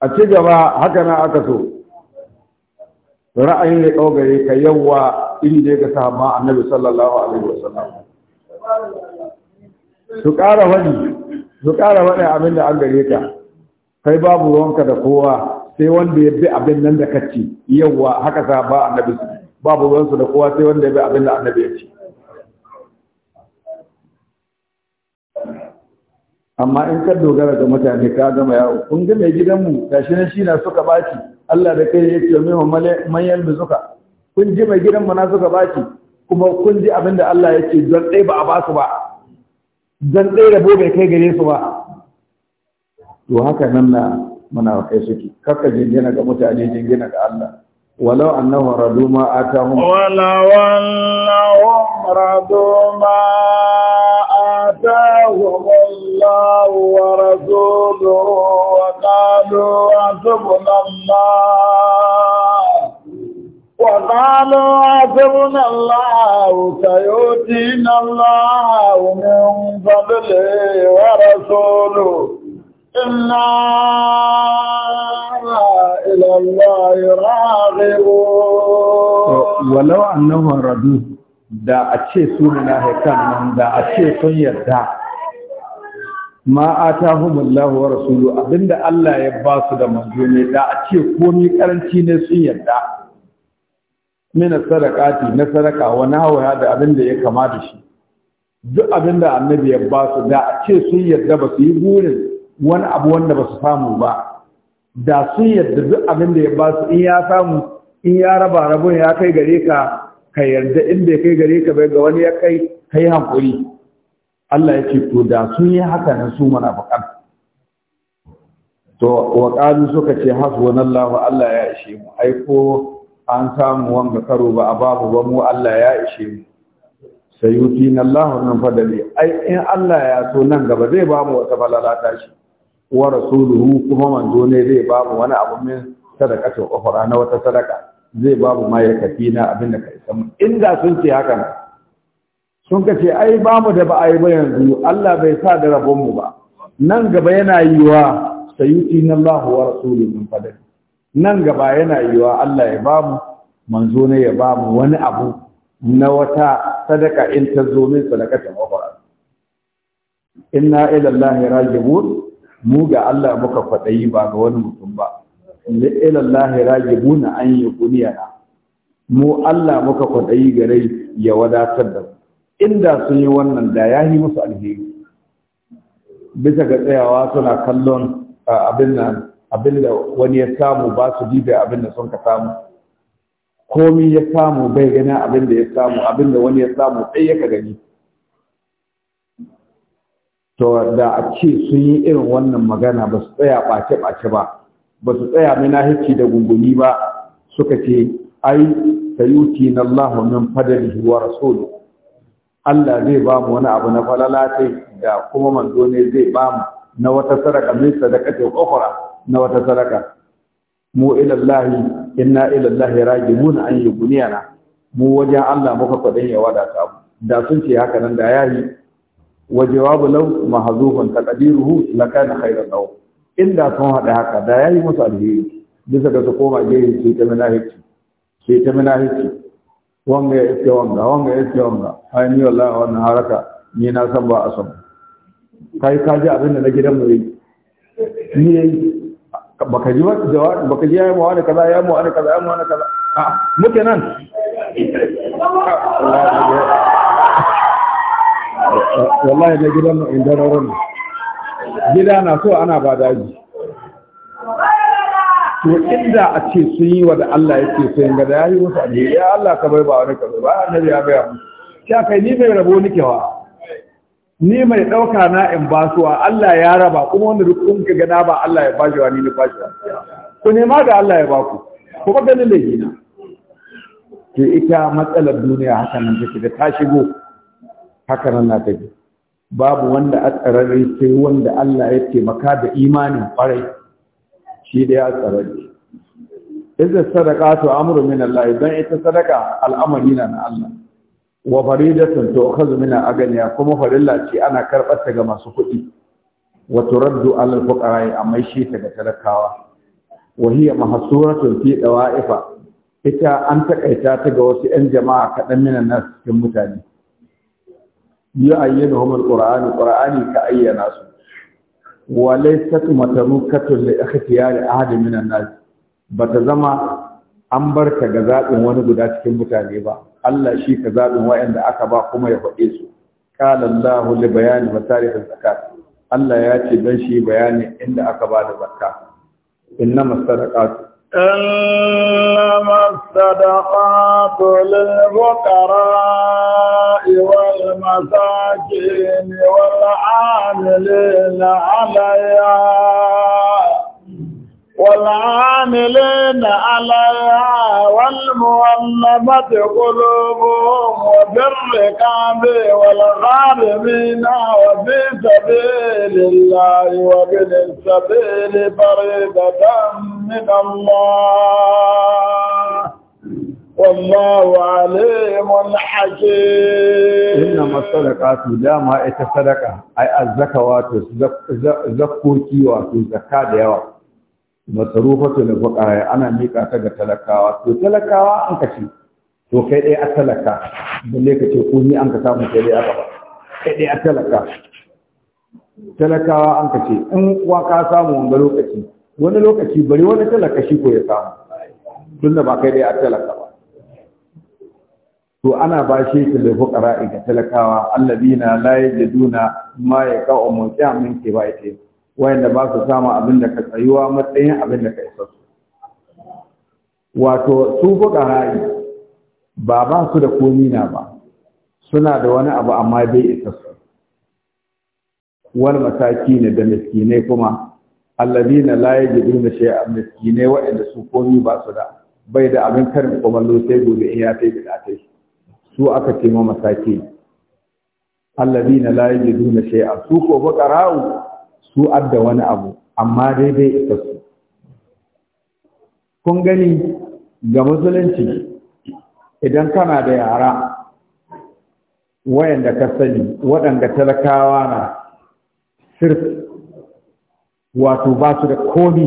[SPEAKER 1] a ci gaba haka na aka so ra'ayin da ɗaugare ka yawwa iri da ka sa ma annabi sallallahu alaihi sallam
[SPEAKER 2] su ƙara wani
[SPEAKER 1] su ƙara wani abin da an gare ka kai babu ruwanka da kowa sai wanda ya bi abin nan da kacce yawwa haka sa ba annabi babu ruwansu da kowa sai wanda ya bi abin da annabi ya ce amma in ka dogara ga mutane ka gama yawo kun ga mai gidanmu shi na shi na suka baki Allah da kai yake mai mamale manyan da kun ji mai gidanmu na suka baki kuma kun ji abin da Allah yake don ɗaya ba a ba su ba don ɗaya da bai kai gare su ba to haka nan na muna kai suke kaka jingina ga mutane jingina ga Allah walau annahu ردوا ما آتاهم ولو
[SPEAKER 3] أنهم ردوا الله ورسوله وقالوا حسبنا الله وقالوا حسبنا الله سيؤتينا الله من فضله ورسوله إنا إلى الله راغبون
[SPEAKER 1] ولو أنهم ردوا da a ce su ne na haikan nan da a ce sun yarda ma atahumullahu wa rasuluhu abinda Allah ya ba su da manzo ne da a ce komai karanci ne sun yarda mina sadaqati na sadaka wa nahwa da abinda ya kama da shi duk abinda annabi ya ba su da a ce sun yarda ba su yi burin wani abu wanda ba su samu ba da sun yarda duk abinda ya ba su in ya samu in ya raba rabon ya kai gare ka ka yarda in bai kai gare ka bai ga wani ya kai kai hankuri Allah ya ce to da sun yi haka nan su mana munafiqan to wa qalu suka ce hasbunallahu Allah ya ishe mu ai ko an samu wanga karo ba a babu ba mu Allah ya ishe mu sayutina Allah nan fadali ai in Allah ya so nan gaba zai ba mu wata ta shi wa rasuluhu kuma manzo ne zai ba mu wani abu min sadaqatu ukhra na wata sadaka zai ba mu mai kafina abinda na ka isa mu inda sun ce haka sun ka ce ai ba mu da ba a ba yanzu Allah bai sa da rabon mu ba nan gaba yana yiwa wa sayuti na Allah wa rasulun min nan gaba yana yi wa Allah ya ba mu manzo ne ya ba mu wani abu na wata sadaka in ta zo min ta mabara inna ila Allah rajibun mu ga Allah muka fadayi ba ga wani mutum ba ila Allah rajibun an yi kuniyana mu Allah muka fadayi gare ya wadatar da mu inda sun yi wannan da ya yi musu alheri bisa ga tsayawa suna kallon abin nan da wani ya samu ba su dibe abin da sun ka samu komi ya samu bai gani abin da ya samu abin da wani ya samu sai ya ka gani to da a ce sun yi irin wannan magana ba su tsaya ɓace-ɓace ba ba su tsaya minahici da gunguni ba suka ce ai sayuti na Allah min fadalihi wa rasuluhu Allah zai ba mu wani abu na falala da kuma manzo ne zai ba mu na wata sadaka min sadaka ta kokora na wata sadaka mu ila Allah inna ila Allah rajimun an yughniyana mu wajen Allah muka kwadin ya wadata mu da sun ce haka nan da yayi wa jawabu law mahzufun taqdiruhu lakana khayran law inda sun hada haka da yayi musu alheri bisa ga su koma gehe sai ta munafici sai ta munafici wanga ya iske wanga wanga ya iske wanga ai ni wallahi wannan haraka ni na san ba a san kai ka ji abin da na gidan mu yi ni yayi baka ji wata jawabi baka ji yayi mawani kaza yayi mawani kaza yayi mawani kaza a muke nan wallahi da gidan mu inda rawar gida na so ana ba daji
[SPEAKER 2] to inda a
[SPEAKER 1] ce su yi wa da Allah ya ce sai ga da ya yi musu ne ya Allah ka bai ba wani kaza ba annabi ya bai mu sha kai ni mai rabo nike wa ni mai dauka na in basuwa Allah ya raba kuma wani duk ka gana ba Allah ya bashi wa ni ni bashi ku nema da Allah ya baku ku ba ganin laifi na to ita matsalar duniya haka nan take da ta shigo haka nan na take babu wanda a tsararre sai wanda Allah ya taimaka da imanin farai. shi ɗaya a tsarari izda sadaka to amru min Allah don ita sadaka al'amari na Allah wa faridatun to akhadhu min aganiya kuma farilla ce ana karɓar ta ga masu kuɗi wa turaddu ala al amma shi ta ga talakawa wa hiya mahsuratun fi dawa'ifa ita an takaita ta ga wasu 'yan jama'a kaɗan min nasu cikin mutane a ayyana humar ƙura'ani ƙura'ani ka ayyana su wa laysat matarukatun li ikhtiyari ahad min an-nas ta zama an bar ga zaɓin wani guda cikin mutane ba Allah shi ka zaɓin wa'anda aka ba kuma ya faɗe su qala Allahu li bayani da zakat Allah ya ce don shi bayani inda aka ba da zakka inna masadaqatu
[SPEAKER 3] إنما الصدقات للفقراء والمساكين والعاملين عليها والعاملين عليها والمؤلفة قلوبهم وفي الركاب والغارمين وفي سبيل الله وابن السبيل فريدة من الله والله عليم حكيم إنما
[SPEAKER 1] الصدقات دام هاي الصدقة أي الزكوات زكوتي وزكاة زكاة matsarufatu da buƙaya ana miƙa ta ga talakawa to talakawa an kace to kai dai a talaka balle ka ce kuni an ka samu kai dai aka ba kai dai a talaka talakawa an kace in kuwa ka samu wanga lokaci wani lokaci bari wani talaka shi ko ya samu da ba kai dai a talaka ba to ana shi ta da buƙara ga talakawa allabina la yajiduna ma yaqa'u min ba kibaiti wayanda ba su samu abin da ka tsayuwa matsayin abin da ka isa su wato su buga ha'i ba ba su da komi na ba suna da wani abu amma bai isa su Wani mataki ne da miskinai kuma alladina la yajiduna shay'an miskinai wa'anda su komi ba su da bai da abin karin kumallo sai gobe in ya kai ta su aka ce ma masaki alladina la yajiduna su ko bakarau su adda wani abu amma daidai isa su kun gani ga musulunci idan kana da yara wayanda ka sani waɗanda talakawa na sirf wato ba su da komi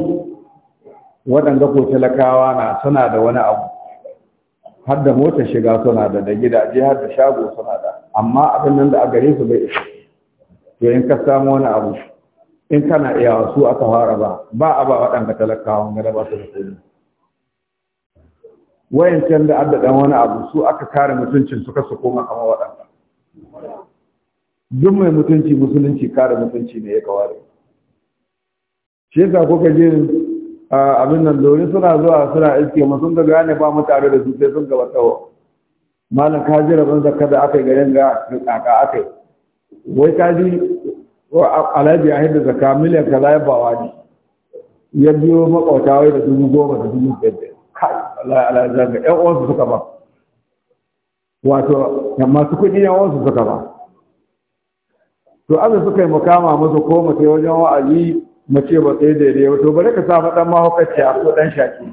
[SPEAKER 1] waɗanda ko talakawa na suna da wani abu har da motar shiga suna da da gidaje har da shago suna da amma abin nan da a gare su bai to in ka samu wani abu in kana iya su aka fara ba ba a ba waɗanda talakawan gada ba su da komi wayancan da adda dan wani abu su aka kare mutuncin suka su koma kama waɗanda duk mai mutunci musulunci kare mutunci ne ya kaware shi yasa kuka je abin nan domin suna zuwa suna iske ma sun ga gane ba mu tare da su sai sun gaba tsawo malam ka ji rabon zakka da aka yi garin ga kaka aka yi wai ka ji alhaji a hidda zaka miliyan kaza ya bawa ne ya biyo makwauta wai da dubu goma da dubu biyar kai Allah alhaji zanga ƴan uwansu suka ba wato masu kuɗi ƴan uwansu suka ba to an suka yi mukama musu ko mu sai wajen wa'azi mu ce ba sai daidai ba to bari ka sa dan a ko dan shaki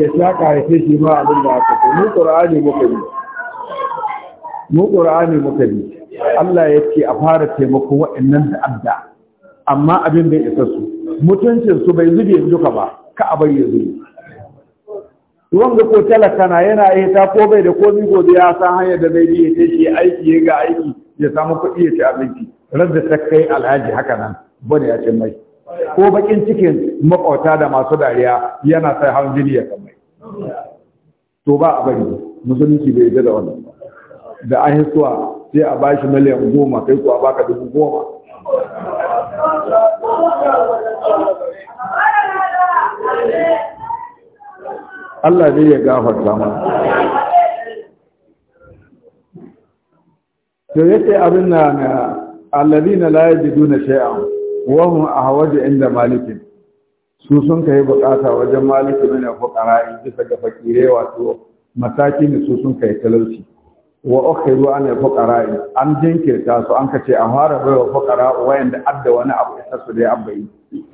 [SPEAKER 1] ya shaka ya ce shi ma abin da aka ce mu qur'ani muka yi mu qur'ani muka bi Allah ya ce a fara taimako waɗannan da abda amma abin bai isa su mutuncin su bai zube duka ba ka a bari ya zube ga ko talaka na yana yi ta ko bai da komi gobe ya san hanyar da bai biye ta yi aiki ya ga aiki ya samu kuɗi ya ci abinci radda ta kai alhaji haka nan bane ya ce mai ko bakin cikin makwata da masu dariya yana sai hawan jini ya kamai to ba a bari musulunci bai yi da wannan ba da ahisuwa sai a ba shi miliyan goma kai kuwa baka dubu goma Allah zai ya gafarta mana to yace abin na na alladina la yajiduna shay'an wa hum ahwaju inda malikin su sun kai bukata wajen maliki ne fuqara bisa ga fakire wato mataki ne su sun kai talauci wa ukhiru an al-fuqara an jinkirta su an kace a fara bai wa fuqara wayanda adda wani abu isa su dai abai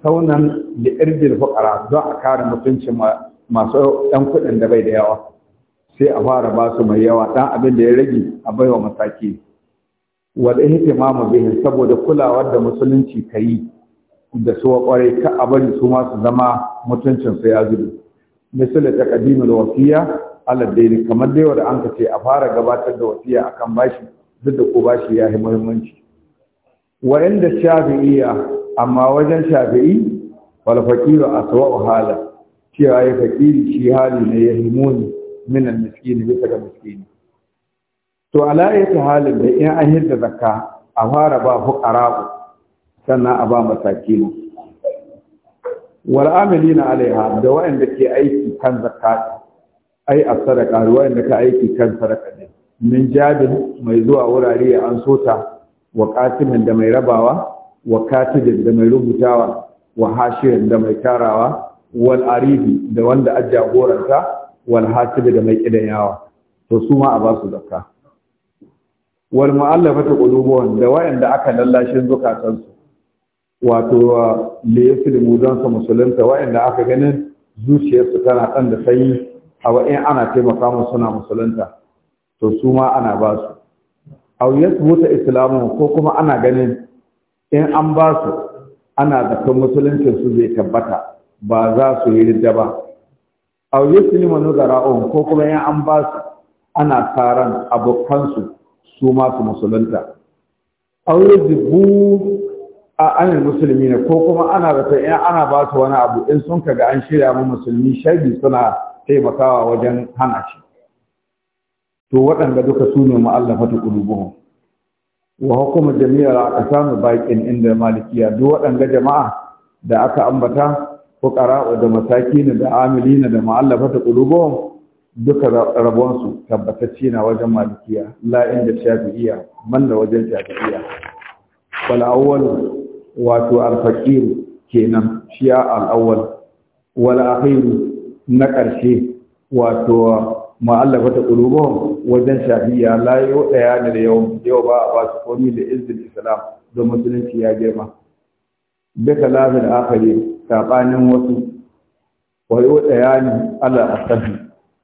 [SPEAKER 1] saunan da irdil fuqara don a kare mutuncin masu dan kuɗin da bai da yawa sai a fara ba su mai yawa dan abin da ya rage a baiwa masaki da ihtimamu bihi saboda kulawar da musulunci yi da su kwarai ka a bari su ma su zama mutuncin su ya zube misali taqdimul wasiya Allah daidai kamar dai wanda an ka ce a fara gabatar da wasiya akan bashi duk da ko bashi ya yi muhimmanci wa inda shafi'iyya amma wajen shafi'i wal faqiru aswa'u hala cewa ya fakiri shi hali ne ya himuni min al miskini bisa ga miskini to ala ayati halin da in an hidda zakka a fara ba fuqara'u sannan a ba masakin wal amilina alaiha da wa'anda ke aiki kan zakka ai a sadaka ruwayan da ka aiki kan sadaka ne min jabin mai zuwa wurare ya an sota wa katimin da mai rabawa wa katibin da mai rubutawa wa hashirin da mai tarawa wal aribi da wanda a jagoranta wal hasibi da mai kidayawa to su ma a ba su zakka wal mu'allafata qulubuhum da wayanda aka lallashin zukatansu wato li dan sa musulunta wayanda aka ganin zuciyarsu tana kan da sanyi awa in ana taimaka musu suna musulunta to su ma ana ba su aw yasbuta islamu ko kuma ana ganin in an ba su ana zaton musuluncin su zai tabbata ba za su yi ridda ba aw yuslimu nudara'un ko kuma in an ba su ana taran abokan su su ma su musulunta aw yadbu a ana musulmi ne ko kuma ana zaton in ana ba su wani abu in sun kaga an shirya mu musulmi shaidi suna taimakawa wajen hana shi to waɗanda duka su ne mu'allafatu wa hukumar jami'ar aka samu baƙin inda malikiya duk waɗanda jama'a da aka ambata fuqara da na da amilina da ma'allafata qulubuhum duka rabon su tabbatacce na wajen malikiya da shafi'iya, man da wajen shafi'iya. wal awwal wato alfaƙiru kenan shi al awwal wal akhir na ƙarshe wato ma'allafa ta ƙulubo wajen shafiya layo ɗaya ne da yau yau ba a ba su komi da izinin islam don musulunci ya girma duka lafin akari saɓanin wasu wayo ɗaya ne allah asabi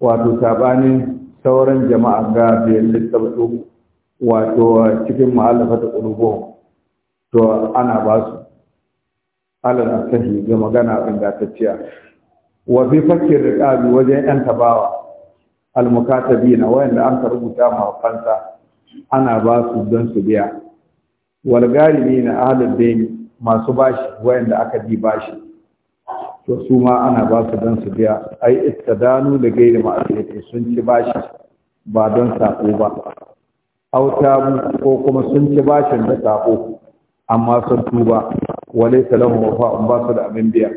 [SPEAKER 1] wato saɓanin sauran jama'a ga biyan littafi wato cikin ma'allafa ta ƙulubo to ana ba su alal asahi ga magana ingantacciya wa bi fakir riqabi wajen yan tabawa mukatabina wa an ka rubuta ma fansa ana ba su don su biya wal galibina ahlud dayn masu bashi inda aka bi bashi to su ma ana ba su don su biya ai ittadanu da gairi ma'asiyati sun ci bashi ba don sako ba auta ko kuma sun ci bashin da sako amma sun tuba wale salamu wafa an ba su da abin biya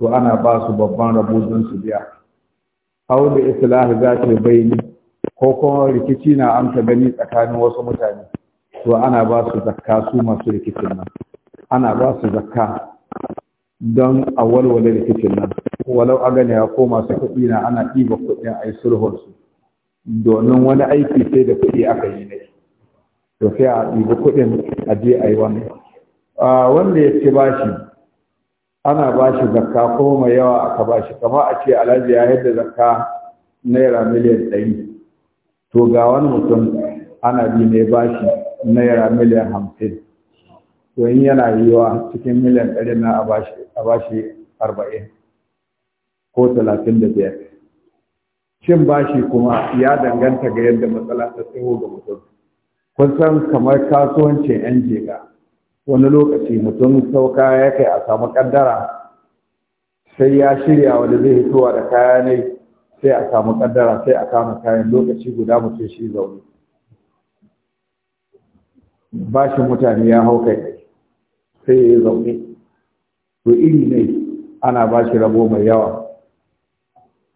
[SPEAKER 1] to ana ba su babban rabo su biya hau da islahi za ta bayani ko kuma rikici na amsa gani tsakanin wasu mutane to ana ba su zakka su masu rikicin nan ana ba su zakka don a walwale rikicin nan walau a ya ko masu kuɗi na ana ɗiba kuɗin a yi sulhunsu domin wani aiki sai da kuɗi aka yi ne to sai a ɗiba kuɗin a je a yi wani ah, wanda ya ci bashi ana ba shi zakka ko mai yawa aka ba shi kama a ce alhaji ya yadda zakka naira miliyan ɗari to ga wani mutum ana bi mai ba shi naira miliyan hamsin to in yana yiwa cikin miliyan ɗari na a ba shi arba'in ko talatin da biyar cin bashi kuma ya danganta ga yadda matsala ta tsawo ga mutum kun san kamar kasuwancin 'yan jega wani lokaci mutum sauka ya kai a samu kaddara sai ya shirya wanda zai hitowa da kaya ne sai a samu kaddara sai a kama kayan lokaci guda mutum shi zaune shi mutane ya hau kai sai ya yi zaune to iri ne ana bashi rabo mai yawa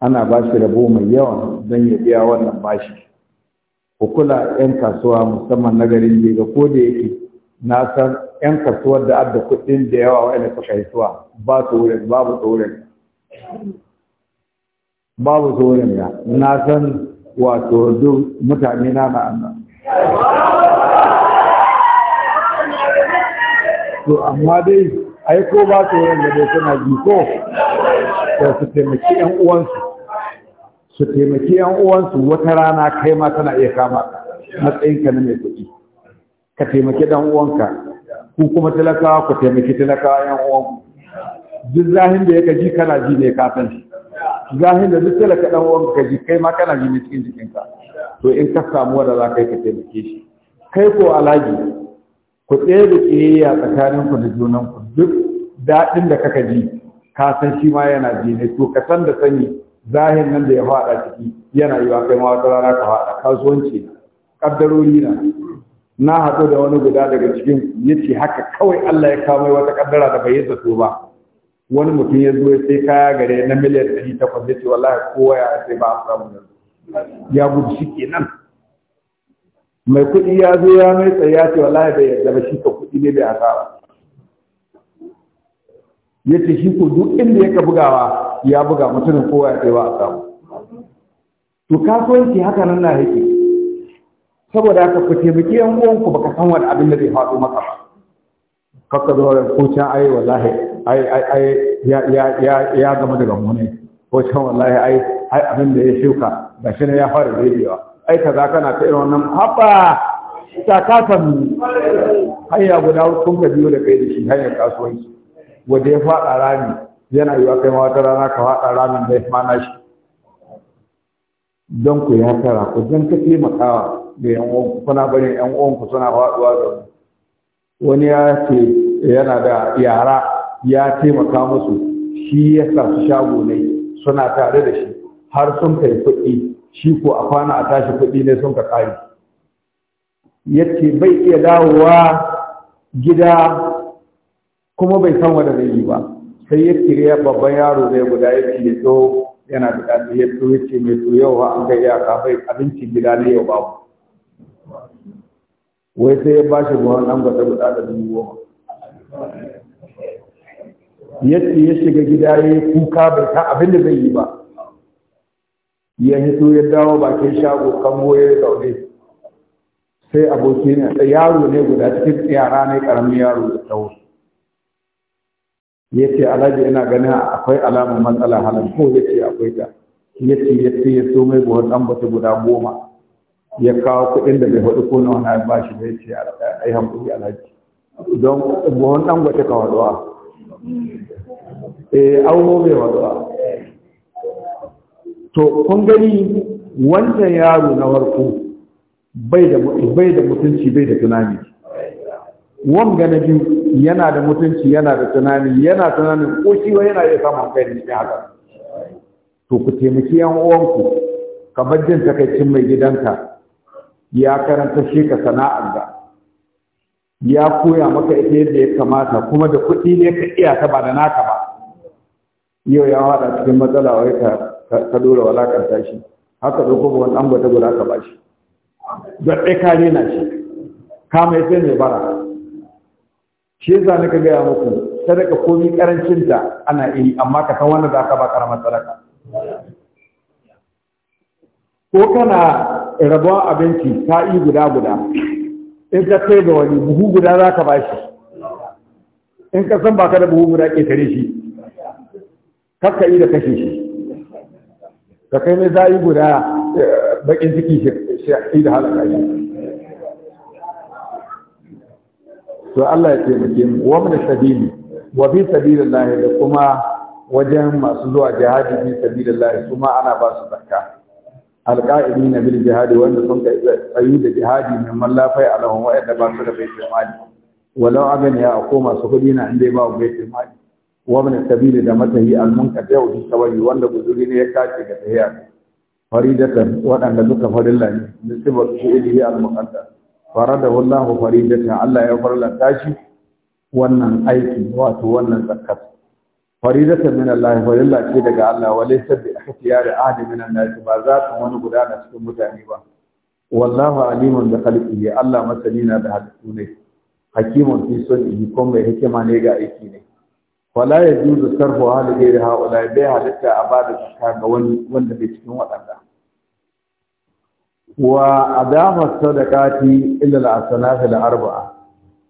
[SPEAKER 1] ana bashi rabo mai yawa don ya biya wannan bashi ku kula 'yan kasuwa musamman na garin ko da yake na san yan kasuwar da adda kuɗin da yawa wa suka yi suwa ba su wurin babu su wurin babu su wurin ya na san wato duk mutane na na annan to amma dai ai ko ba su wurin da dai suna ji ko da su taimaki yan uwansu su taimaki yan uwansu wata rana kai ma tana iya kama matsayinka na mai kuɗi ka taimaki dan uwanka ku kuma talaka ku taimaki talaka yan uwanku duk zahin da yaka ji kana ji ne ka san shi zahin da duk talaka dan uwanka ka ji kai ma kana ji ne cikin jikinka to in ka samu wanda za ka yi ka taimake shi kai ko alaji ku tsaye da tsayayya tsakaninku da junanku duk daɗin da kaka ji ka san shi ma yana ji ne to ka san da sani zahin nan da ya faɗa ciki yana yi wa kai ma wata rana ka faɗa kasuwanci ƙaddarori na na haɗu da wani guda daga cikin yace haka kawai Allah ya kawo mai wata kaddara da bai zato ba wani mutum ya zo ya sai kaya gare na miliyan ɗari takwas ya ce wallahi kowa ya sai ba a samu yanzu ya gudu shi kenan mai kuɗi ya zo ya mai tsaye ya ce wallahi bai yarda ba shi ka kuɗi ne bai ba ya ce shi ko duk inda ya ka bugawa ya buga mutumin kowa ya sai ba a samu to kasuwanci haka nan na yake saboda haka ku taimaki yan uwanku baka san wani abin da zai faɗo maka ba kakka zo da kucin ai wallahi ai ai ai ya ya ya ya gama daga mu ne can wallahi ai ai abin da ya shuka ba shi ne ya fara daidaiwa ai kaza kana ta irin wannan haba takatan hanya guda kun ka biyo da kai da shi hanyar kasuwanci wanda ya faɗa rami yana yiwa kai ma wata rana ka faɗa ramin da ya mana shi don ku ya tara ku jan ka taimakawa da yan uwanku kuna barin yan suna faɗuwa da mu wani ya ce yana da yara ya taimaka musu shi ya sa su shago ne suna tare da shi har sun kai kuɗi shi ko a kwana a tashi kuɗi ne sun ka ya ce bai iya dawowa gida kuma bai san wanda zai yi ba sai ya babban yaro zai guda ya ce yana da ɗan ya ce mai to yau an ga iyaka bai abincin gida ne yau babu wai sai ya ba shi ruwan ba guda da dubu goma yadda ya shiga gida ya yi kuka bai ta abin da zai yi ba ya hito ya dawo bakin shago goye ya zaune sai aboki ne yaro ne guda cikin yara ne karamin yaro da tsawo ya ce alhaji ina ganin akwai alamar matsala halar ko ya ce akwai ta ya ya ce ya so mai ɗan bata guda goma ya kawo kuɗin da bai faɗi ko na wani albashi ya ce a yi hankali alhaji don buhon ɗan gwace ka waɗuwa eh auno mai waɗuwa to kun gani wancan yaro na warko bai da mutunci bai da tunani wanga na biyu yana da mutunci yana da tunani yana tunanin ko shi yana iya samun kai ne haka to ku taimaki yan uwanku kamar jin takaicin mai gidanka ya karanta shi ka sana'ar da ya koya maka ita yadda ya kamata kuma da kuɗi ne ka iya ta ba da naka ba yau ya haɗa cikin matsala wai ka ka dora walakar shi haka da kuma wani bata guda ka ba shi don ɗai ka rena shi ka mai sai mai bara shi yasa ka gaya muku sadaka komi da ana yi amma ka san wanda za ka ba karamar sadaka ko kana rabuwar abinci ta yi guda guda in ka kai ga wani buhu guda za ka bashi in ka san baka da buhu guda ƙetare shi kakka yi da kashe shi ka kai mai yi guda eh, bakin ciki shi da halaka shi to Allah ya taimake mu wa min sabili wa bi sabilillah da kuma wajen masu zuwa jihadi bi sabilillah kuma ana ba su zakka alqa'imi na bil jihadi wanda sun kai tsayu da jihadi mai mallafai alahum wa yadda ba su da baitul mali walau agani ya ko masu kudi na inda ba baitul mali wa min sabili da matahi al yau, duka sawayi wanda guzuri ne ya kace ga tahiya faridatan waɗanda duka farilla ne nisbatu fi'lihi al muqaddas faradahu Allahu faridatan Allah ya farlanta shi wannan aiki wato wannan zakat faridatan min Allah wa lillahi ce daga Allah wa laysa bi ikhtiyari ahad min an-nas ba za ka wani gudana cikin mutane ba wallahu alimun da khalqihi Allah masani na da halittu ne hakimun fi sunnihi kuma mai hikima ne ga aiki ne wala yajuzu sarfu hal ghairi haula bai halitta a bada zakka ga wani wanda bai cikin waɗanda wa adafa sadaqati illa al-asnaf al-arba'a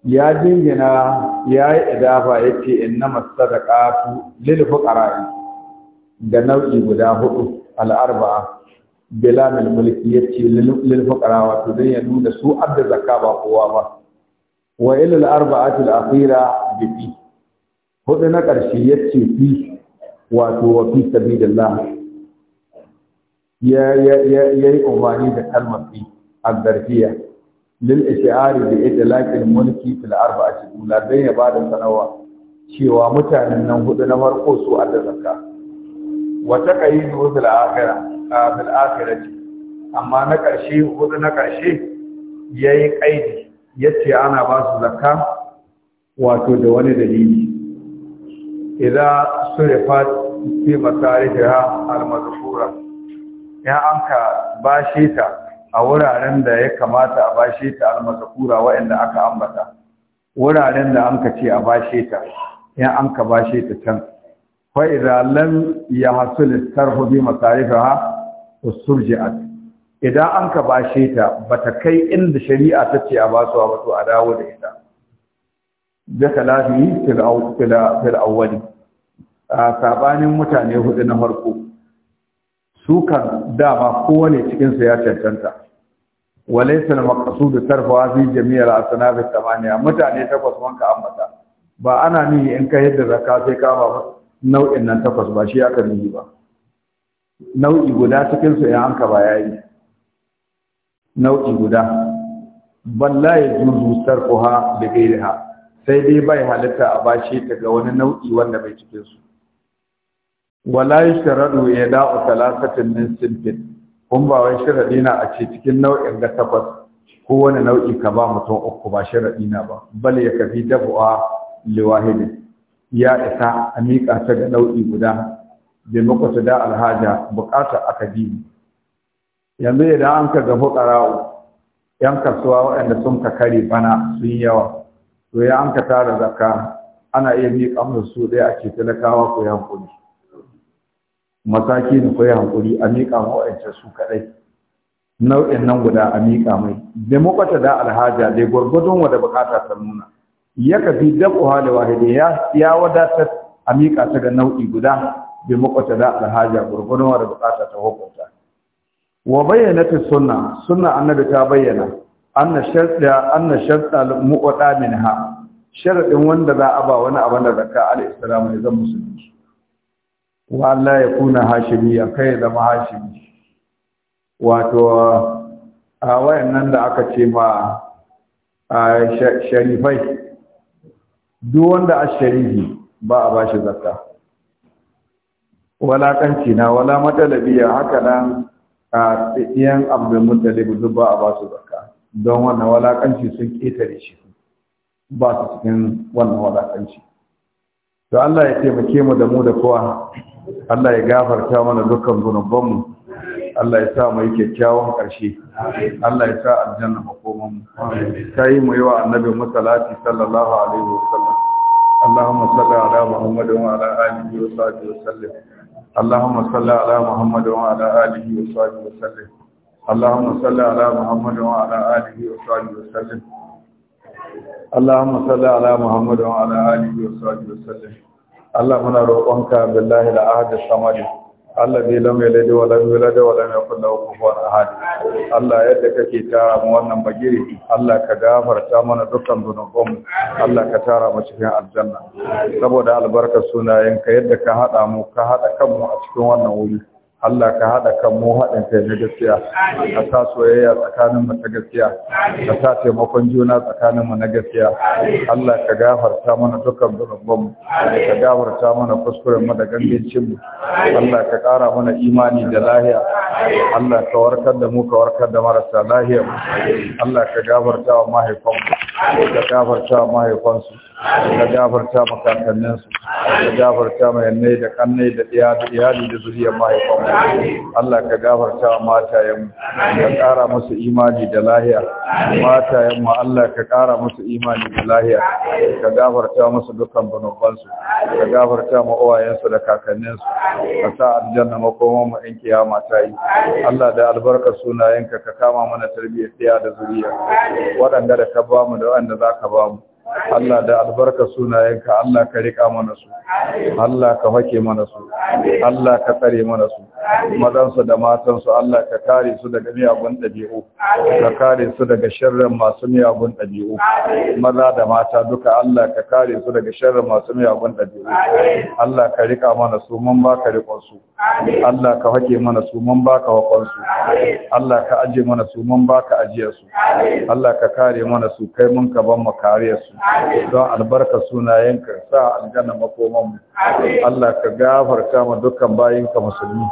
[SPEAKER 1] ya jingina ya yi idafa ya ce inna masadaqatu lil fuqara da nau'i guda hudu al'arba'a bilamil mulki ya ce lil fuqara wato dan ya nuna su abda zakka ba kowa ba wa ilal arba'ati al-akhira bi fi hudu na ƙarshe ya ce fi wato wa fi sabilillah ya ya ya yi umarni da kalmar fi al-darfiya lil ishari da idlaqil mulki fil arba'ati ula dan ya bada sanawa cewa mutanen nan hudu na farko su adda zakka wa taqayyidu fil akhirah fil akhirati amma na karshe hudu na karshe yayi kaidi yace ana ba su zakka wato da wani dalili idza surifat fi masarifiha al-mazkura ya anka bashita ta a wuraren da ya kamata a bashe ta almasakura waɗanda aka ambata wuraren da an ka ce a bashe ta in an ka bashe ta can fa idan ya hasu tarhu bi masarifaha usurji'at idan an ka bashe ta bata kai inda shari'a ta ce a basu ba to a dawo da ita da talafi fil awwali sabanin mutane hudu na farko su dama kowane cikinsu ya cancanta walaisa na makasu da tarfawa fi jami'ar asana da tamaniya mutane takwas wanka ambata ba ana nihi in ka yadda zaka sai kama nau'in nan takwas ba shi aka nihi ba nau'i guda cikinsu ya hanka ba yayi nau'i guda balla ya juzu sarfuha da gairiha sai dai bai halitta a bashi ta ga wani nau'i wanda bai cikinsu wala ya yada'u thalathatin min sinfin kun ba wai sharadi na a ce cikin nau'in ga takwas Ko wani nau'i ka ba mutum uku ba sharadi na ba bal ya kafi dabu'a liwahidin ya isa a miƙa ta ga nau'i guda bai makwata da alhaja bukatar bi yanzu idan an ka ga fukara'u yan kasuwa waɗanda sun ka kare bana sun yawa to ya an ka tara zakka ana iya miƙa musu ɗaya a ce talakawa ko yan kuɗi mataki ne koyi hankuri a miƙa wa'ancan su kaɗai nau'in nan guda a miƙa mai da mukwata da alhaja da gwargwadon da bukata ta nuna ya kafi dabu hali wahidi ya ya wadatar a miƙa ta ga nau'i guda da mukwata da alhaja gwargwadon da bukata ta hukunta wa bayyana ta sunna sunna annabi ta bayyana anna sharta anna sharta muqaddamin ha sharadin wanda za a ba wani abin da zakka al salamu ya zama musulunci wa Allah ya kuna hashimiya kai ya zama hashimi wato a wayannan da aka ce ma sharifai duk wanda a sharifi ba a bashi zakka walakanci na wala matalabiya haka nan a tsiyan abdulmuttalib duk ba a basu zakka don wannan walakanci sun ƙetare shi ba su cikin wannan walakanci to Allah ya taimake mu da mu da kowa Allah ya gafarta mana dukkan zunubanmu Allah ya sa mu yi kyakkyawan ƙarshe Allah ya sa aljanna makoman mu yi mu yi wa annabi musallati sallallahu alaihi Allahumma wa ala alihi wa sahbihi wasallam Allahumma salli ala wa ala alihi wa salli wa ala اللهم صل على محمد وعلى آله وصحبه وسلم اللهم نروقك بالله العهد الصمد الذي لم يلد ولم يولد ولم يكن له كفوا احد Allah yadda kake tara mu wannan bagiri Allah ka gafarta mana dukkan zunubanmu Allah ka tara mu cikin aljanna saboda albarkar sunayenka yadda ka hada mu ka hada kanmu a cikin wannan wuri Allah ka haɗa kan mu haɗin kai na gaskiya ka sa soyayya tsakanin mu ta gaskiya ka sa taimakon juna tsakanin mu na gaskiya Allah ka gafarta mana dukkan zunuban mu ka gafarta mana kuskuren mu da gangancin mu Allah ka ƙara mana imani da lahiya Allah ka warkar da mu ka warkar da marasa lahiya Allah ka gafarta wa mahaifan ka gafarta wa mahaifansu ka gafarta ma kakannin su ka gafarta mai yanne da kannai da iyali da zuriyar mahaifan Allah ka gafarta wa matayen ka ƙara musu imani da lahiya matayen mu Allah ka ƙara musu imani da lahiya ka gafarta musu dukkan zunuban su ka gafarta ma uwayen su da kakannin su ka sa aljanna kuma mu in kiyama ta yi Allah da albarka sunayenka ka kama mana tarbiyyar da zuriya waɗanda da ka ba mu da waɗanda za ka ba mu Allah da albarka sunayenka Allah ka rika mana su Allah ka fake mana su Allah ka tsare mana su madansu da matansu Allah ka kare su daga miyagun ɗabi'u ka kare su daga sharrin masu miyagun ɗabi'u maza da mata duka Allah ka kare su daga sharrin masu miyagun ɗabi'u Allah ka rika mana su mun ba ka rikon su Allah ka fake mana su mun ba ka hakon su Allah ka aje mana su mun ba ka ajiyar su Allah ka kare mana su kai mun ka ban mu kare su don albarka sunayenka sa aljanna makoman mu Allah ka gafarta ma dukkan bayinka musulmi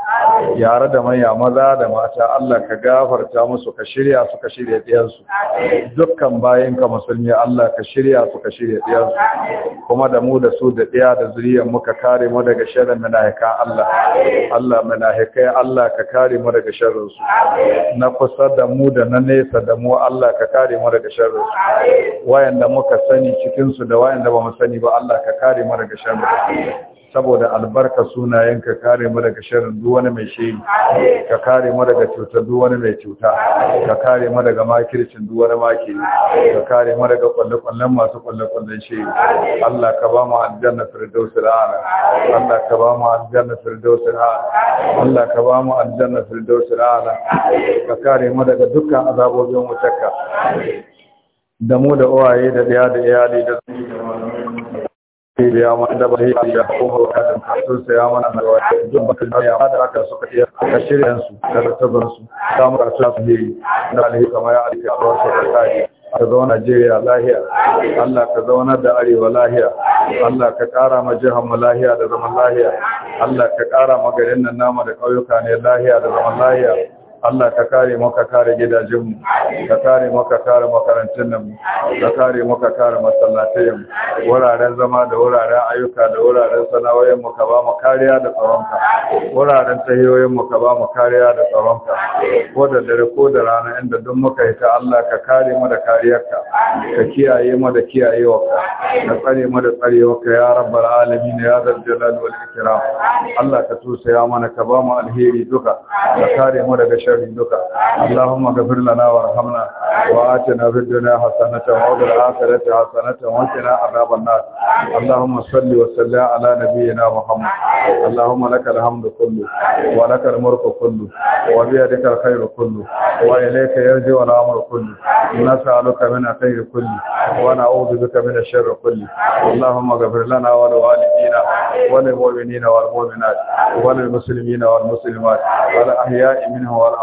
[SPEAKER 1] yare da manya maza da mata Allah ka gafarta musu ka shirya su ka shirya ɗiyansu dukkan bayinka musulmi Allah ka shirya su ka shirya ɗiyansu kuma da mu da su da ɗiya da zuriyar muka kare mu daga sharrin mala'ika Allah Allah mala'ikai Allah ka kare mu daga sharrin su na kusa da mu da na nesa da mu Allah ka kare mu daga sharrin su wayanda muka sani cikinsu da wayanda ba mu sani ba Allah ka kare mu daga sharri saboda albarka sunayen ka kare mu daga sharrin duk wani mai shehi ka kare mu daga cuta duk wani mai cuta ka kare mu daga makircin duk wani makiri ka kare mu daga kwalle-kwallen masu kwalle-kwallen shehi Allah ka ba mu aljanna firdausi ra'ana Allah ka ba mu aljanna firdausi ra'ana Allah ka ba mu aljanna firdausi ra'ana ka kare mu daga dukkan azabobin wutarka da mu da uwaye da ɗaya da iyali da su yi da yawon da ba yi da kuma kasan kasu sai ya mana da wata jin bakin da ya da aka suka iya ka shirya su da tattabar su ta mu kasu su yi da alhi kama ya alhi a wasu kasari ka zauna Najeriya lahiya Allah ka zauna da arewa lahiya Allah ka kara ma jihar mu lahiya da zaman lahiya Allah ka kara ma garin nan nama da ƙauyuka ne lahiya da zaman lahiya Allah ka kare mu ka kare gidajenmu ka kare mu ka kare makarantun nan ka kare mu ka kare masallatayen wuraren zama da wuraren ayyuka da wuraren sana'o'in mu ka ba mu kariya da tsaronka wuraren tahiyoyin mu ka ba mu kariya da tsaronka ko da dare ko da rana inda duk muka yi ta Allah ka kare mu da kariyarka ka kiyaye mu da kiyayewarka ka tsare mu da tsarewarka ya rabbal ne ya zal jalal wal Allah ka tusaya mana ka ba mu alheri duka ka kare mu daga شر دوك اللهم اغفر لنا وارحمنا وآتنا في الدنيا حسنة وفي الآخرة حسنة وقنا عذاب النار اللهم صل وسلم على نبينا محمد اللهم لك الحمد كله ولك الملك كله وبيدك الخير كله وإليك يرجع الأمر كله نسألك من الخير كله ونعوذ بك من الشر كله اللهم اغفر لنا ولوالدينا وللمؤمنين والمؤمنات وللمسلمين والمسلمات والأحياء منه والأموات